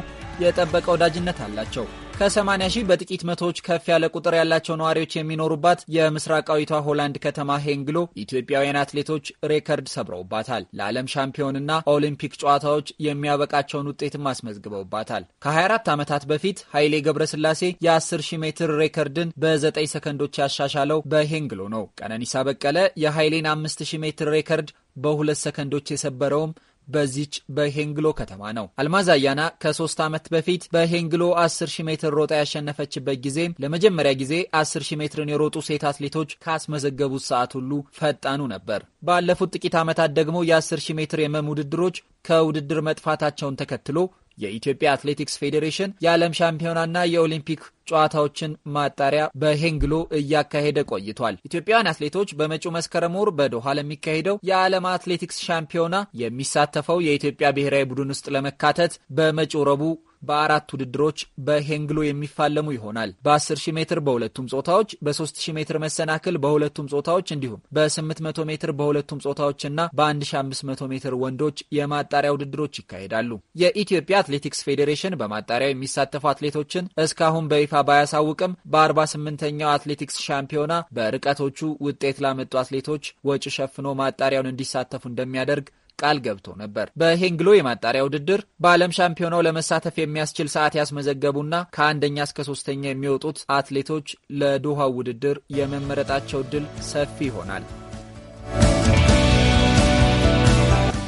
የጠበቀ ወዳጅነት አላቸው። ከ80 ሺህ በጥቂት መቶዎች ከፍ ያለ ቁጥር ያላቸው ነዋሪዎች የሚኖሩባት የምስራቃዊቷ ሆላንድ ከተማ ሄንግሎ ኢትዮጵያውያን አትሌቶች ሬከርድ ሰብረውባታል። ለዓለም ሻምፒዮንና ኦሊምፒክ ጨዋታዎች የሚያበቃቸውን ውጤትም አስመዝግበውባታል። ከ24 ዓመታት በፊት ኃይሌ ገብረስላሴ የ10 ሺህ ሜትር ሬከርድን በ9 ሰከንዶች ያሻሻለው በሄንግሎ ነው። ቀነኒሳ በቀለ የኃይሌን 5000 ሜትር ሬከርድ በሁለት ሰከንዶች የሰበረውም በዚች በሄንግሎ ከተማ ነው። አልማዝ አያና ከሶስት ዓመት በፊት በሄንግሎ 10 ሜትር ሮጣ ያሸነፈችበት ጊዜ ለመጀመሪያ ጊዜ 10 ሺህ ሜትርን የሮጡ ሴት አትሌቶች ካስመዘገቡት ሰዓት ሁሉ ፈጣኑ ነበር። ባለፉት ጥቂት ዓመታት ደግሞ የ10 ሜትር የመም ውድድሮች ከውድድር መጥፋታቸውን ተከትሎ የኢትዮጵያ አትሌቲክስ ፌዴሬሽን የዓለም ሻምፒዮናና የኦሊምፒክ ጨዋታዎችን ማጣሪያ በሄንግሎ እያካሄደ ቆይቷል። ኢትዮጵያውያን አትሌቶች በመጪው መስከረም ወር በዶሃ ለሚካሄደው የዓለም አትሌቲክስ ሻምፒዮና የሚሳተፈው የኢትዮጵያ ብሔራዊ ቡድን ውስጥ ለመካተት በመጪው ረቡዕ በአራት ውድድሮች በሄንግሎ የሚፋለሙ ይሆናል። በ10 ሺህ ሜትር በሁለቱም ጾታዎች፣ በ3 ሺህ ሜትር መሰናክል በሁለቱም ጾታዎች እንዲሁም በ800 ሜትር በሁለቱም ጾታዎችና በ1500 ሜትር ወንዶች የማጣሪያ ውድድሮች ይካሄዳሉ። የኢትዮጵያ አትሌቲክስ ፌዴሬሽን በማጣሪያው የሚሳተፉ አትሌቶችን እስካሁን በይፋ ባያሳውቅም በ48ኛው አትሌቲክስ ሻምፒዮና በርቀቶቹ ውጤት ላመጡ አትሌቶች ወጪ ሸፍኖ ማጣሪያውን እንዲሳተፉ እንደሚያደርግ ቃል ገብቶ ነበር። በሄንግሎ የማጣሪያ ውድድር በዓለም ሻምፒዮናው ለመሳተፍ የሚያስችል ሰዓት ያስመዘገቡና ከአንደኛ እስከ ሶስተኛ የሚወጡት አትሌቶች ለዶሃው ውድድር የመመረጣቸው ድል ሰፊ ይሆናል።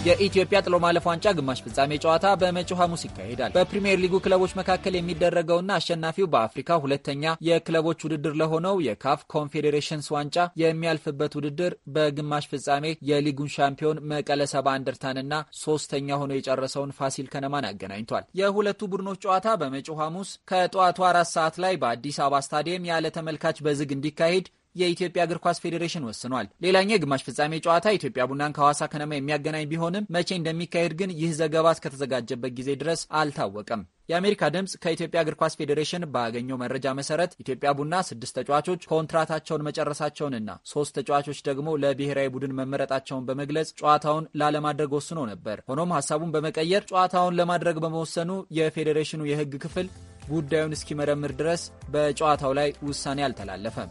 የኢትዮጵያ ጥሎ ማለፍ ዋንጫ ግማሽ ፍጻሜ ጨዋታ በመጪው ሐሙስ ይካሄዳል። በፕሪምየር ሊጉ ክለቦች መካከል የሚደረገውና አሸናፊው በአፍሪካ ሁለተኛ የክለቦች ውድድር ለሆነው የካፍ ኮንፌዴሬሽንስ ዋንጫ የሚያልፍበት ውድድር በግማሽ ፍጻሜ የሊጉን ሻምፒዮን መቀለ ሰባ እንደርታንና ሶስተኛ ሆኖ የጨረሰውን ፋሲል ከነማን አገናኝቷል። የሁለቱ ቡድኖች ጨዋታ በመጪው ሐሙስ ከጠዋቱ አራት ሰዓት ላይ በአዲስ አበባ ስታዲየም ያለ ተመልካች በዝግ እንዲካሄድ የኢትዮጵያ እግር ኳስ ፌዴሬሽን ወስኗል። ሌላኛው የግማሽ ፍጻሜ ጨዋታ ኢትዮጵያ ቡናን ከሐዋሳ ከነማ የሚያገናኝ ቢሆንም መቼ እንደሚካሄድ ግን ይህ ዘገባ እስከተዘጋጀበት ጊዜ ድረስ አልታወቀም። የአሜሪካ ድምፅ ከኢትዮጵያ እግር ኳስ ፌዴሬሽን ባገኘው መረጃ መሰረት ኢትዮጵያ ቡና ስድስት ተጫዋቾች ኮንትራታቸውን መጨረሳቸውንና ሶስት ተጫዋቾች ደግሞ ለብሔራዊ ቡድን መመረጣቸውን በመግለጽ ጨዋታውን ላለማድረግ ወስኖ ነበር። ሆኖም ሀሳቡን በመቀየር ጨዋታውን ለማድረግ በመወሰኑ የፌዴሬሽኑ የሕግ ክፍል ጉዳዩን እስኪመረምር ድረስ በጨዋታው ላይ ውሳኔ አልተላለፈም።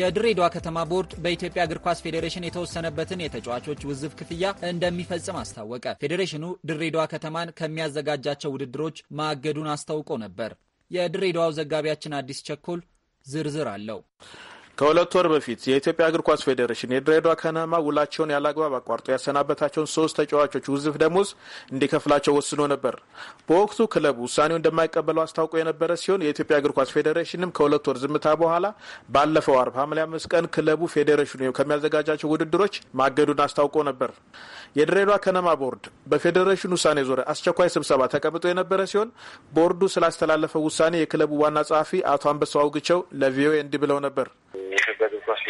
የድሬዳዋ ከተማ ቦርድ በኢትዮጵያ እግር ኳስ ፌዴሬሽን የተወሰነበትን የተጫዋቾች ውዝፍ ክፍያ እንደሚፈጽም አስታወቀ። ፌዴሬሽኑ ድሬዳዋ ከተማን ከሚያዘጋጃቸው ውድድሮች ማገዱን አስታውቆ ነበር። የድሬዳዋው ዘጋቢያችን አዲስ ቸኮል ዝርዝር አለው። ከሁለት ወር በፊት የኢትዮጵያ እግር ኳስ ፌዴሬሽን የድሬዳዋ ከነማ ውላቸውን ያለአግባብ አቋርጦ ያሰናበታቸውን ሶስት ተጫዋቾች ውዝፍ ደሞዝ እንዲከፍላቸው ወስኖ ነበር። በወቅቱ ክለቡ ውሳኔው እንደማይቀበለው አስታውቆ የነበረ ሲሆን የኢትዮጵያ እግር ኳስ ፌዴሬሽንም ከሁለት ወር ዝምታ በኋላ ባለፈው አርብ ሐምሌ አምስት ቀን ክለቡ ፌዴሬሽኑ ከሚያዘጋጃቸው ውድድሮች ማገዱን አስታውቆ ነበር። የድሬዳዋ ከነማ ቦርድ በፌዴሬሽኑ ውሳኔ ዙሪያ አስቸኳይ ስብሰባ ተቀምጦ የነበረ ሲሆን ቦርዱ ስላስተላለፈው ውሳኔ የክለቡ ዋና ጸሐፊ አቶ አንበሳው አውግቸው ለቪኦኤ እንዲህ ብለው ነበር።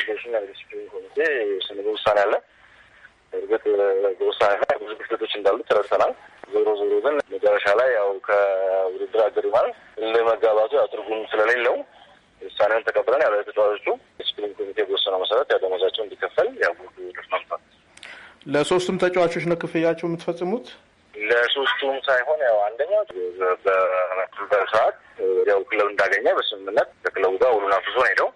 ኢንቨስቲጌሽን ያለ ዲስፕሊን ኮሚቴ የወሰነ ውሳኔ አለ። እርግጥ ውሳኔ ላይ ብዙ ክፍተቶች እንዳሉ ተረድተናል። ዞሮ ዞሮ ግን መጨረሻ ላይ ያው ከውድድር አገሪ ማለት ለመጋባቱ ያው ትርጉም ስለሌለው ውሳኔውን ተቀብለን ያለ ተጫዋቾቹ ዲስፕሊን ኮሚቴ በወሰነው መሰረት ያው ደመወዛቸው እንዲከፈል ያው ቦርዱ ተስማምቷል። ለሶስቱም ተጫዋቾች ነው ክፍያቸው የምትፈጽሙት? ለሶስቱም ሳይሆን ያው አንደኛው በመክፈል ሰዓት ያው ክለብ እንዳገኘ በስምምነት ከክለቡ ጋር ውሉን አፍርሶ ሄደው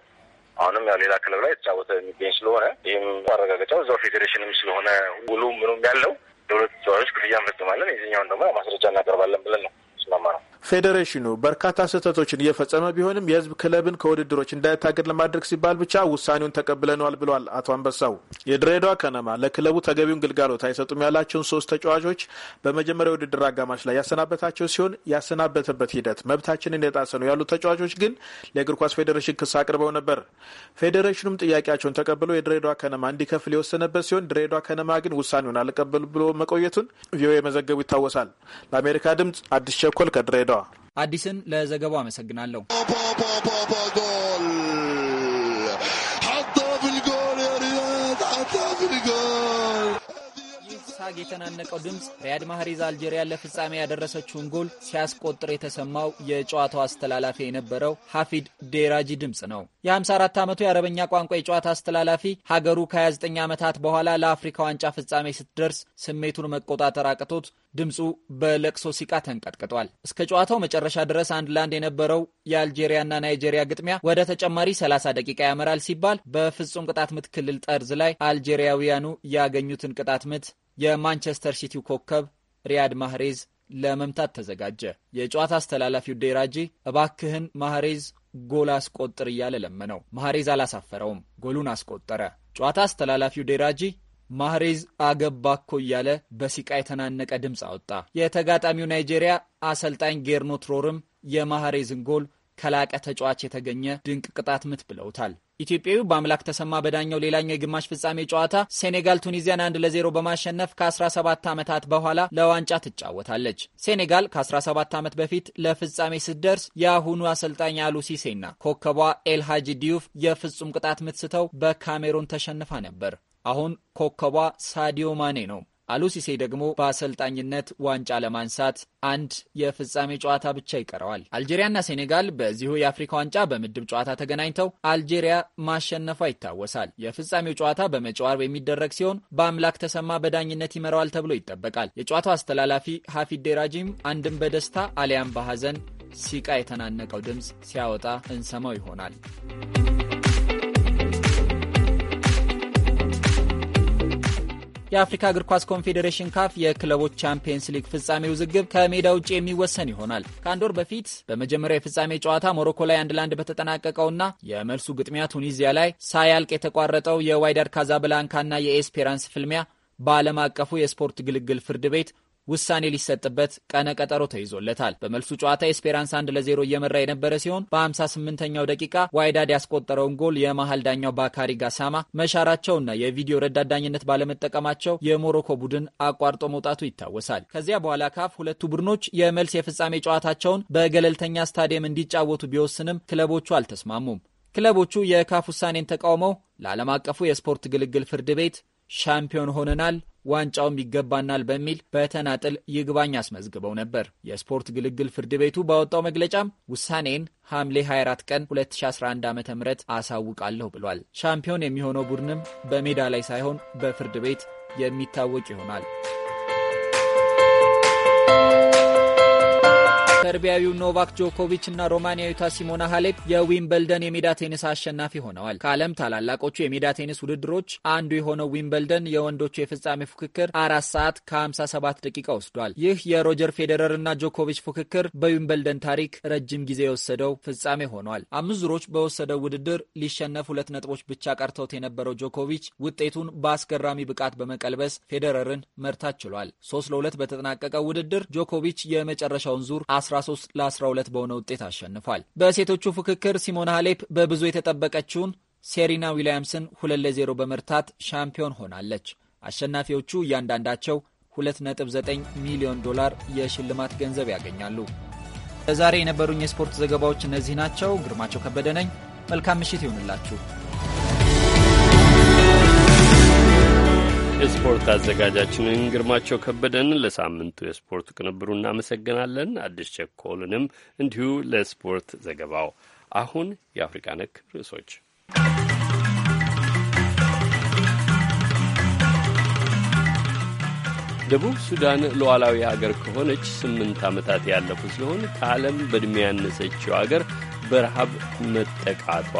አሁንም ያው ሌላ ክለብ ላይ የተጫወተ የሚገኝ ስለሆነ ይህም ማረጋገጫው እዛው ፌዴሬሽንም ስለሆነ ውሉ ምኑም ያለው ለሁለት ተጫዋቾች ክፍያ እንፈጽማለን የዚኛውን ደግሞ ማስረጃ እናቀርባለን ብለን ነው ስማማ ነው። ፌዴሬሽኑ በርካታ ስህተቶችን እየፈጸመ ቢሆንም የህዝብ ክለብን ከውድድሮች እንዳይታገድ ለማድረግ ሲባል ብቻ ውሳኔውን ተቀብለነዋል ብለዋል አቶ አንበሳው። የድሬዳዋ ከነማ ለክለቡ ተገቢውን ግልጋሎት አይሰጡም ያላቸውን ሶስት ተጫዋቾች በመጀመሪያ ውድድር አጋማሽ ላይ ያሰናበታቸው ሲሆን ያሰናበተበት ሂደት መብታችንን የጣሰ ነው ያሉት ተጫዋቾች ግን ለእግር ኳስ ፌዴሬሽን ክስ አቅርበው ነበር። ፌዴሬሽኑም ጥያቄያቸውን ተቀብሎ የድሬዳዋ ከነማ እንዲከፍል የወሰነበት ሲሆን ድሬዳዋ ከነማ ግን ውሳኔውን አልቀበሉ ብሎ መቆየቱን ቪኦኤ መዘገቡ ይታወሳል። ለአሜሪካ ድምጽ አዲስ ቸኮል ከድሬዳዋ አዲስን ለዘገባው አመሰግናለሁ። በሀግ የተናነቀው ድምፅ ሪያድ ማህሪዝ አልጄሪያ ለፍጻሜ ያደረሰችውን ጎል ሲያስቆጥር የተሰማው የጨዋታው አስተላላፊ የነበረው ሐፊድ ዴራጂ ድምፅ ነው። የ54 ዓመቱ የአረበኛ ቋንቋ የጨዋታ አስተላላፊ ሀገሩ ከ29 ዓመታት በኋላ ለአፍሪካ ዋንጫ ፍጻሜ ስትደርስ ስሜቱን መቆጣጠር አቅቶት ድምፁ በለቅሶ ሲቃ ተንቀጥቅጧል። እስከ ጨዋታው መጨረሻ ድረስ አንድ ለአንድ የነበረው የአልጄሪያና ናይጄሪያ ግጥሚያ ወደ ተጨማሪ 30 ደቂቃ ያመራል ሲባል በፍጹም ቅጣት ምት ክልል ጠርዝ ላይ አልጄሪያውያኑ ያገኙትን ቅጣት ምት የማንቸስተር ሲቲው ኮከብ ሪያድ ማህሬዝ ለመምታት ተዘጋጀ። የጨዋታ አስተላላፊው ዴራጂ እባክህን ማህሬዝ ጎል አስቆጥር እያለ ለመነው። ማህሬዝ አላሳፈረውም፣ ጎሉን አስቆጠረ። ጨዋታ አስተላላፊው ዴራጂ ማህሬዝ አገባኮ እያለ በሲቃ የተናነቀ ድምፅ አወጣ። የተጋጣሚው ናይጄሪያ አሰልጣኝ ጌርኖት ሮርም የማህሬዝን ጎል ከላቀ ተጫዋች የተገኘ ድንቅ ቅጣት ምት ብለውታል። ኢትዮጵያዊ በአምላክ ተሰማ በዳኛው ሌላኛው የግማሽ ፍጻሜ ጨዋታ ሴኔጋል ቱኒዚያን አንድ ለዜሮ በማሸነፍ ከ17 ዓመታት በኋላ ለዋንጫ ትጫወታለች። ሴኔጋል ከ17 ዓመት በፊት ለፍጻሜ ስትደርስ የአሁኑ አሰልጣኝ አሉ ሲሴና ኮከቧ ኤልሃጂ ዲዩፍ የፍጹም ቅጣት ምትስተው በካሜሩን ተሸንፋ ነበር። አሁን ኮከቧ ሳዲዮ ማኔ ነው። አሉሲሴ ደግሞ በአሰልጣኝነት ዋንጫ ለማንሳት አንድ የፍጻሜ ጨዋታ ብቻ ይቀረዋል። አልጄሪያና ሴኔጋል በዚሁ የአፍሪካ ዋንጫ በምድብ ጨዋታ ተገናኝተው አልጄሪያ ማሸነፏ ይታወሳል። የፍጻሜው ጨዋታ በመጪው አርብ የሚደረግ ሲሆን በአምላክ ተሰማ በዳኝነት ይመራዋል ተብሎ ይጠበቃል። የጨዋታው አስተላላፊ ሀፊድ ዴራጂም አንድም በደስታ አሊያም በሐዘን ሲቃ የተናነቀው ድምፅ ሲያወጣ እንሰማው ይሆናል። የአፍሪካ እግር ኳስ ኮንፌዴሬሽን ካፍ የክለቦች ቻምፒየንስ ሊግ ፍጻሜ ውዝግብ ከሜዳ ውጭ የሚወሰን ይሆናል። ከአንድ ወር በፊት በመጀመሪያ የፍጻሜ ጨዋታ ሞሮኮ ላይ አንድ ለአንድ በተጠናቀቀውና የመልሱ ግጥሚያ ቱኒዚያ ላይ ሳያልቅ የተቋረጠው የዋይዳድ ካዛብላንካና የኤስፔራንስ ፍልሚያ በዓለም አቀፉ የስፖርት ግልግል ፍርድ ቤት ውሳኔ ሊሰጥበት ቀነ ቀጠሮ ተይዞለታል። በመልሱ ጨዋታ ኤስፔራንስ አንድ ለዜሮ እየመራ የነበረ ሲሆን በ58ኛው ደቂቃ ዋይዳድ ያስቆጠረውን ጎል የመሀል ዳኛው ባካሪ ጋሳማ መሻራቸውና የቪዲዮ ረዳት ዳኝነት ባለመጠቀማቸው የሞሮኮ ቡድን አቋርጦ መውጣቱ ይታወሳል። ከዚያ በኋላ ካፍ ሁለቱ ቡድኖች የመልስ የፍጻሜ ጨዋታቸውን በገለልተኛ ስታዲየም እንዲጫወቱ ቢወስንም ክለቦቹ አልተስማሙም። ክለቦቹ የካፍ ውሳኔን ተቃውመው ለዓለም አቀፉ የስፖርት ግልግል ፍርድ ቤት ሻምፒዮን ሆነናል ዋንጫውም ይገባናል በሚል በተናጥል ይግባኝ አስመዝግበው ነበር። የስፖርት ግልግል ፍርድ ቤቱ ባወጣው መግለጫም ውሳኔን ሐምሌ 24 ቀን 2011 ዓ ም አሳውቃለሁ ብሏል። ሻምፒዮን የሚሆነው ቡድንም በሜዳ ላይ ሳይሆን በፍርድ ቤት የሚታወቅ ይሆናል። ሰርቢያዊው ኖቫክ ጆኮቪች እና ሮማንያዊቷ ሲሞና ሀሌፕ የዊምበልደን የሜዳ ቴኒስ አሸናፊ ሆነዋል። ከዓለም ታላላቆቹ የሜዳ ቴኒስ ውድድሮች አንዱ የሆነው ዊምበልደን የወንዶቹ የፍጻሜ ፉክክር አራት ሰዓት ከ57 ደቂቃ ወስዷል። ይህ የሮጀር ፌዴረር እና ጆኮቪች ፉክክር በዊምበልደን ታሪክ ረጅም ጊዜ የወሰደው ፍጻሜ ሆኗል። አምስት ዙሮች በወሰደው ውድድር ሊሸነፍ ሁለት ነጥቦች ብቻ ቀርተውት የነበረው ጆኮቪች ውጤቱን በአስገራሚ ብቃት በመቀልበስ ፌዴረርን መርታት ችሏል። ሶስት ለሁለት በተጠናቀቀው ውድድር ጆኮቪች የመጨረሻውን ዙር 13 ለ12 በሆነ ውጤት አሸንፏል። በሴቶቹ ፍክክር ሲሞና ሃሌፕ በብዙ የተጠበቀችውን ሴሪና ዊሊያምስን 2 ለ0 በመርታት ሻምፒዮን ሆናለች። አሸናፊዎቹ እያንዳንዳቸው 2.9 ሚሊዮን ዶላር የሽልማት ገንዘብ ያገኛሉ። ለዛሬ የነበሩኝ የስፖርት ዘገባዎች እነዚህ ናቸው። ግርማቸው ከበደ ነኝ። መልካም ምሽት ይሁንላችሁ። የስፖርት አዘጋጃችንን ግርማቸው ከበደን ለሳምንቱ የስፖርት ቅንብሩ እናመሰግናለን። አዲስ ቸኮልንም እንዲሁ ለስፖርት ዘገባው። አሁን የአፍሪቃ ነክ ርዕሶች ደቡብ ሱዳን ሉዓላዊ አገር ከሆነች ስምንት ዓመታት ያለፉ ሲሆን ከዓለም በዕድሜ ያነሰችው አገር በረሃብ መጠቃቷ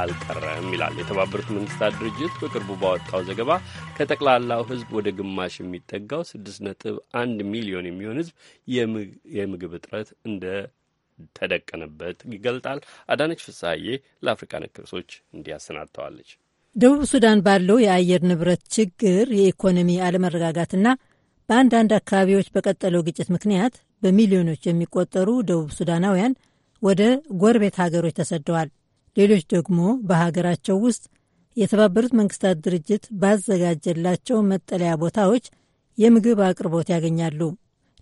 አልቀረም ይላል የተባበሩት መንግስታት ድርጅት በቅርቡ ባወጣው ዘገባ። ከጠቅላላው ህዝብ ወደ ግማሽ የሚጠጋው 6.1 ሚሊዮን የሚሆን ህዝብ የምግብ እጥረት እንደተደቀነበት ይገልጣል። አዳነች ፍሳዬ ለአፍሪካ ነክ እንዲህ አሰናድተዋለች። ደቡብ ሱዳን ባለው የአየር ንብረት ችግር፣ የኢኮኖሚ አለመረጋጋትና በአንዳንድ አካባቢዎች በቀጠለው ግጭት ምክንያት በሚሊዮኖች የሚቆጠሩ ደቡብ ሱዳናውያን ወደ ጎረቤት ሀገሮች ተሰደዋል። ሌሎች ደግሞ በሀገራቸው ውስጥ የተባበሩት መንግስታት ድርጅት ባዘጋጀላቸው መጠለያ ቦታዎች የምግብ አቅርቦት ያገኛሉ፣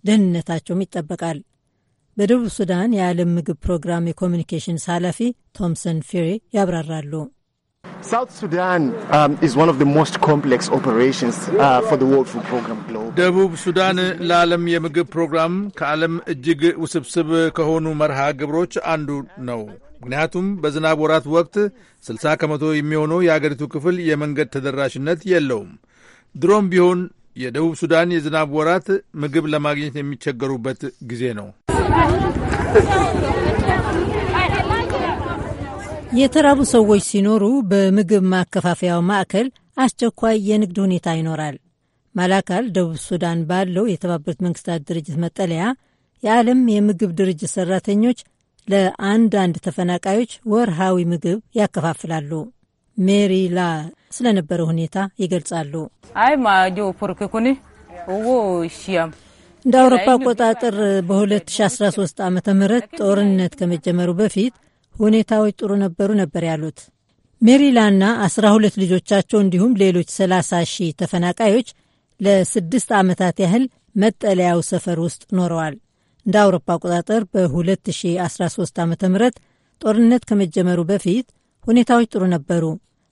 ደህንነታቸውም ይጠበቃል። በደቡብ ሱዳን የዓለም ምግብ ፕሮግራም የኮሚኒኬሽንስ ኃላፊ ቶምሰን ፌሪ ያብራራሉ። ደቡብ ሱዳን ለዓለም የምግብ ፕሮግራም ከዓለም እጅግ ውስብስብ ከሆኑ መርሃ ግብሮች አንዱ ነው። ምክንያቱም በዝናብ ወራት ወቅት 60 ከመቶ የሚሆነው የአገሪቱ ክፍል የመንገድ ተደራሽነት የለውም። ድሮም ቢሆን የደቡብ ሱዳን የዝናብ ወራት ምግብ ለማግኘት የሚቸገሩበት ጊዜ ነው። የተራቡ ሰዎች ሲኖሩ በምግብ ማከፋፈያው ማዕከል አስቸኳይ የንግድ ሁኔታ ይኖራል። ማላካል ደቡብ ሱዳን ባለው የተባበሩት መንግስታት ድርጅት መጠለያ የዓለም የምግብ ድርጅት ሰራተኞች ለአንዳንድ ተፈናቃዮች ወርሃዊ ምግብ ያከፋፍላሉ። ሜሪ ላ ስለነበረ ሁኔታ ይገልጻሉ። አይ ማዲዮ እንደ አውሮፓ አቆጣጠር በ2013 ዓ ም ጦርነት ከመጀመሩ በፊት ሁኔታዎች ጥሩ ነበሩ ነበር ያሉት። ሜሪላና አስራ ሁለት ልጆቻቸው እንዲሁም ሌሎች 3ላሳ ሺህ ተፈናቃዮች ለስድስት ዓመታት ያህል መጠለያው ሰፈር ውስጥ ኖረዋል። እንደ አውሮፓ አቆጣጠር በ2013 ዓ ም ጦርነት ከመጀመሩ በፊት ሁኔታዎች ጥሩ ነበሩ።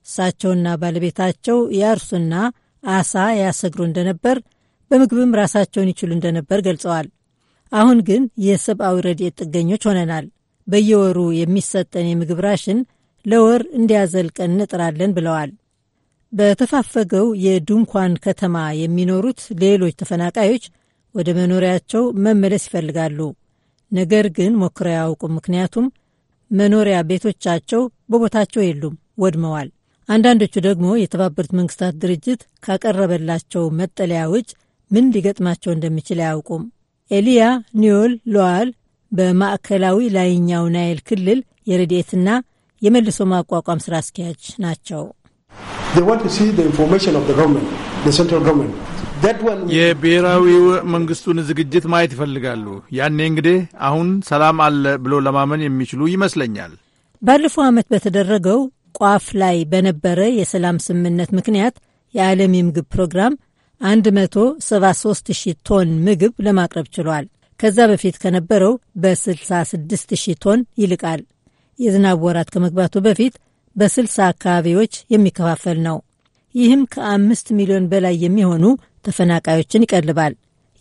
እሳቸውና ባለቤታቸው ያርሱና አሳ ያሰግሩ እንደነበር በምግብም ራሳቸውን ይችሉ እንደነበር ገልጸዋል። አሁን ግን የሰብአዊ ረድኤት ጥገኞች ሆነናል። በየወሩ የሚሰጠን የምግብ ራሽን ለወር እንዲያዘልቀን እንጥራለን ብለዋል። በተፋፈገው የድንኳን ከተማ የሚኖሩት ሌሎች ተፈናቃዮች ወደ መኖሪያቸው መመለስ ይፈልጋሉ። ነገር ግን ሞክረው አያውቁም። ምክንያቱም መኖሪያ ቤቶቻቸው በቦታቸው የሉም፣ ወድመዋል። አንዳንዶቹ ደግሞ የተባበሩት መንግስታት ድርጅት ካቀረበላቸው መጠለያ ውጭ ምን ሊገጥማቸው እንደሚችል አያውቁም። ኤልያ ኒዮል ለዋል በማዕከላዊ ላይኛው ናይል ክልል የረድኤትና የመልሶ ማቋቋም ስራ አስኪያጅ ናቸው። የብሔራዊው መንግስቱን ዝግጅት ማየት ይፈልጋሉ። ያኔ እንግዲህ አሁን ሰላም አለ ብሎ ለማመን የሚችሉ ይመስለኛል። ባለፈው ዓመት በተደረገው ቋፍ ላይ በነበረ የሰላም ስምምነት ምክንያት የዓለም የምግብ ፕሮግራም 173 ሺህ ቶን ምግብ ለማቅረብ ችሏል። ከዛ በፊት ከነበረው በ66 ሺህ ቶን ይልቃል። የዝናብ ወራት ከመግባቱ በፊት በ60 አካባቢዎች የሚከፋፈል ነው። ይህም ከአምስት ሚሊዮን በላይ የሚሆኑ ተፈናቃዮችን ይቀልባል።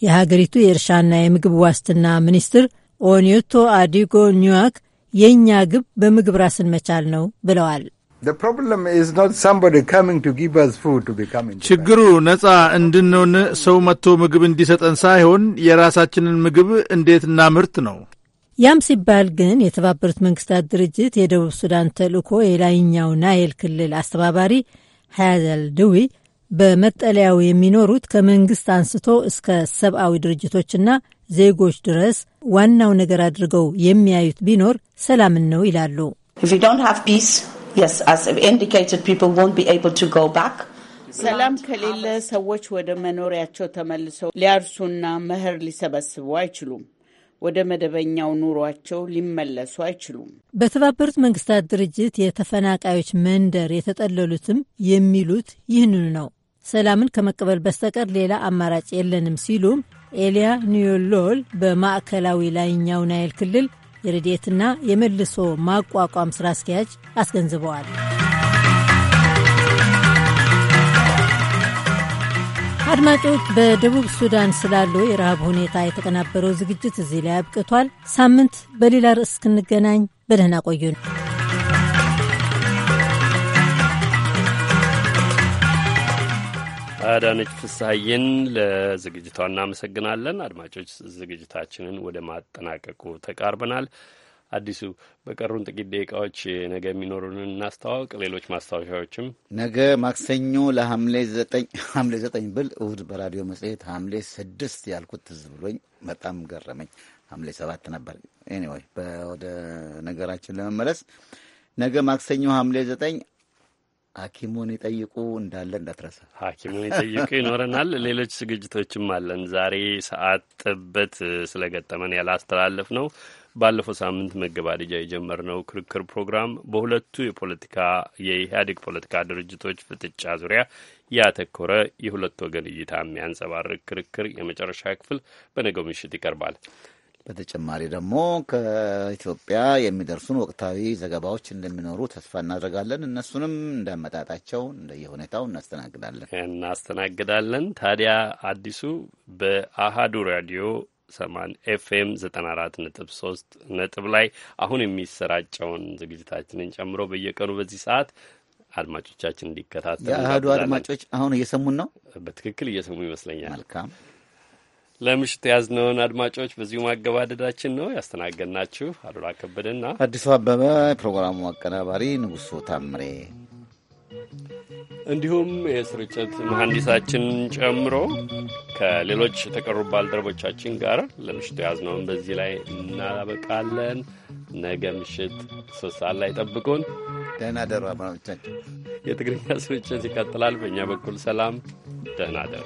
የሀገሪቱ የእርሻና የምግብ ዋስትና ሚኒስትር ኦኒቶ አዲጎ ኒዋክ የእኛ ግብ በምግብ ራስን መቻል ነው ብለዋል። ችግሩ ነጻ እንድንሆን ሰው መጥቶ ምግብ እንዲሰጠን ሳይሆን የራሳችንን ምግብ እንዴት እናምርት ነው። ያም ሲባል ግን የተባበሩት መንግስታት ድርጅት የደቡብ ሱዳን ተልእኮ የላይኛው ናይል ክልል አስተባባሪ ሀያዘል ድዊ በመጠለያው የሚኖሩት ከመንግስት አንስቶ እስከ ሰብአዊ ድርጅቶችና ዜጎች ድረስ ዋናው ነገር አድርገው የሚያዩት ቢኖር ሰላምን ነው ይላሉ። Yes, as indicated, people won't be able to go back. ሰላም ከሌለ ሰዎች ወደ መኖሪያቸው ተመልሰው ሊያርሱና መኸር ሊሰበስቡ አይችሉም። ወደ መደበኛው ኑሯቸው ሊመለሱ አይችሉም። በተባበሩት መንግስታት ድርጅት የተፈናቃዮች መንደር የተጠለሉትም የሚሉት ይህንኑ ነው። ሰላምን ከመቀበል በስተቀር ሌላ አማራጭ የለንም ሲሉም ኤልያ ኒዮሎል በማዕከላዊ ላይኛው ናይል ክልል የረድኤትና የመልሶ ማቋቋም ስራ አስኪያጅ አስገንዝበዋል። አድማጮች፣ በደቡብ ሱዳን ስላለው የረሃብ ሁኔታ የተቀናበረው ዝግጅት እዚህ ላይ አብቅቷል። ሳምንት በሌላ ርዕስ እስክንገናኝ በደህና ቆዩን። አዳነች ፍስሐዬን ለዝግጅቷ እናመሰግናለን። አድማጮች ዝግጅታችንን ወደ ማጠናቀቁ ተቃርበናል። አዲሱ በቀሩን ጥቂት ደቂቃዎች ነገ የሚኖሩን እናስተዋውቅ። ሌሎች ማስታወሻዎችም ነገ ማክሰኞ ለሐምሌ ዘጠኝ *laughs* ሐምሌ ዘጠኝ ብል እሁድ በራዲዮ መጽሔት ሐምሌ ስድስት ያልኩት ትዝ ብሎኝ በጣም ገረመኝ። ሐምሌ ሰባት ነበር። ኤኒዌይ ወደ ነገራችን ለመመለስ ነገ ማክሰኞ ሐምሌ ዘጠኝ ሐኪሙን ይጠይቁ እንዳለ እንዳትረሳ። ሐኪሙን ይጠይቁ ይኖረናል። ሌሎች ዝግጅቶችም አለን። ዛሬ ሰዓት ጥበት ስለገጠመን ያላስተላለፍ ነው። ባለፈው ሳምንት መገባደጃ የጀመርነው ክርክር ፕሮግራም በሁለቱ የፖለቲካ የኢህአዴግ ፖለቲካ ድርጅቶች ፍጥጫ ዙሪያ ያተኮረ የሁለት ወገን እይታ የሚያንጸባርቅ ክርክር የመጨረሻ ክፍል በነገው ምሽት ይቀርባል። በተጨማሪ ደግሞ ከኢትዮጵያ የሚደርሱን ወቅታዊ ዘገባዎች እንደሚኖሩ ተስፋ እናደርጋለን። እነሱንም እንዳመጣጣቸው እንደየሁኔታው እናስተናግዳለን እናስተናግዳለን። ታዲያ አዲሱ በአሃዱ ራዲዮ ሰማን ኤፍኤም 94.3 ነጥብ ላይ አሁን የሚሰራጨውን ዝግጅታችንን ጨምሮ በየቀኑ በዚህ ሰዓት አድማጮቻችን እንዲከታተሉ የአህዱ አድማጮች አሁን እየሰሙን ነው። በትክክል እየሰሙ ይመስለኛል። መልካም ለምሽት ያዝነውን አድማጮች በዚሁ ማገባደዳችን ነው። ያስተናገድናችሁ አሉላ ከበደና አዲሱ አበበ፣ የፕሮግራሙ አቀናባሪ ንጉሱ ታምሬ እንዲሁም የስርጭት መሐንዲሳችን ጨምሮ ከሌሎች የተቀሩ ባልደረቦቻችን ጋር ለምሽቱ ያዝነውን በዚህ ላይ እናበቃለን። ነገ ምሽት ሶስት ሰዓት ላይ ጠብቁን። ደህና ደሩ አማራጮቻችን። የትግርኛ ስርጭት ይቀጥላል። በእኛ በኩል ሰላም፣ ደህና ደሩ።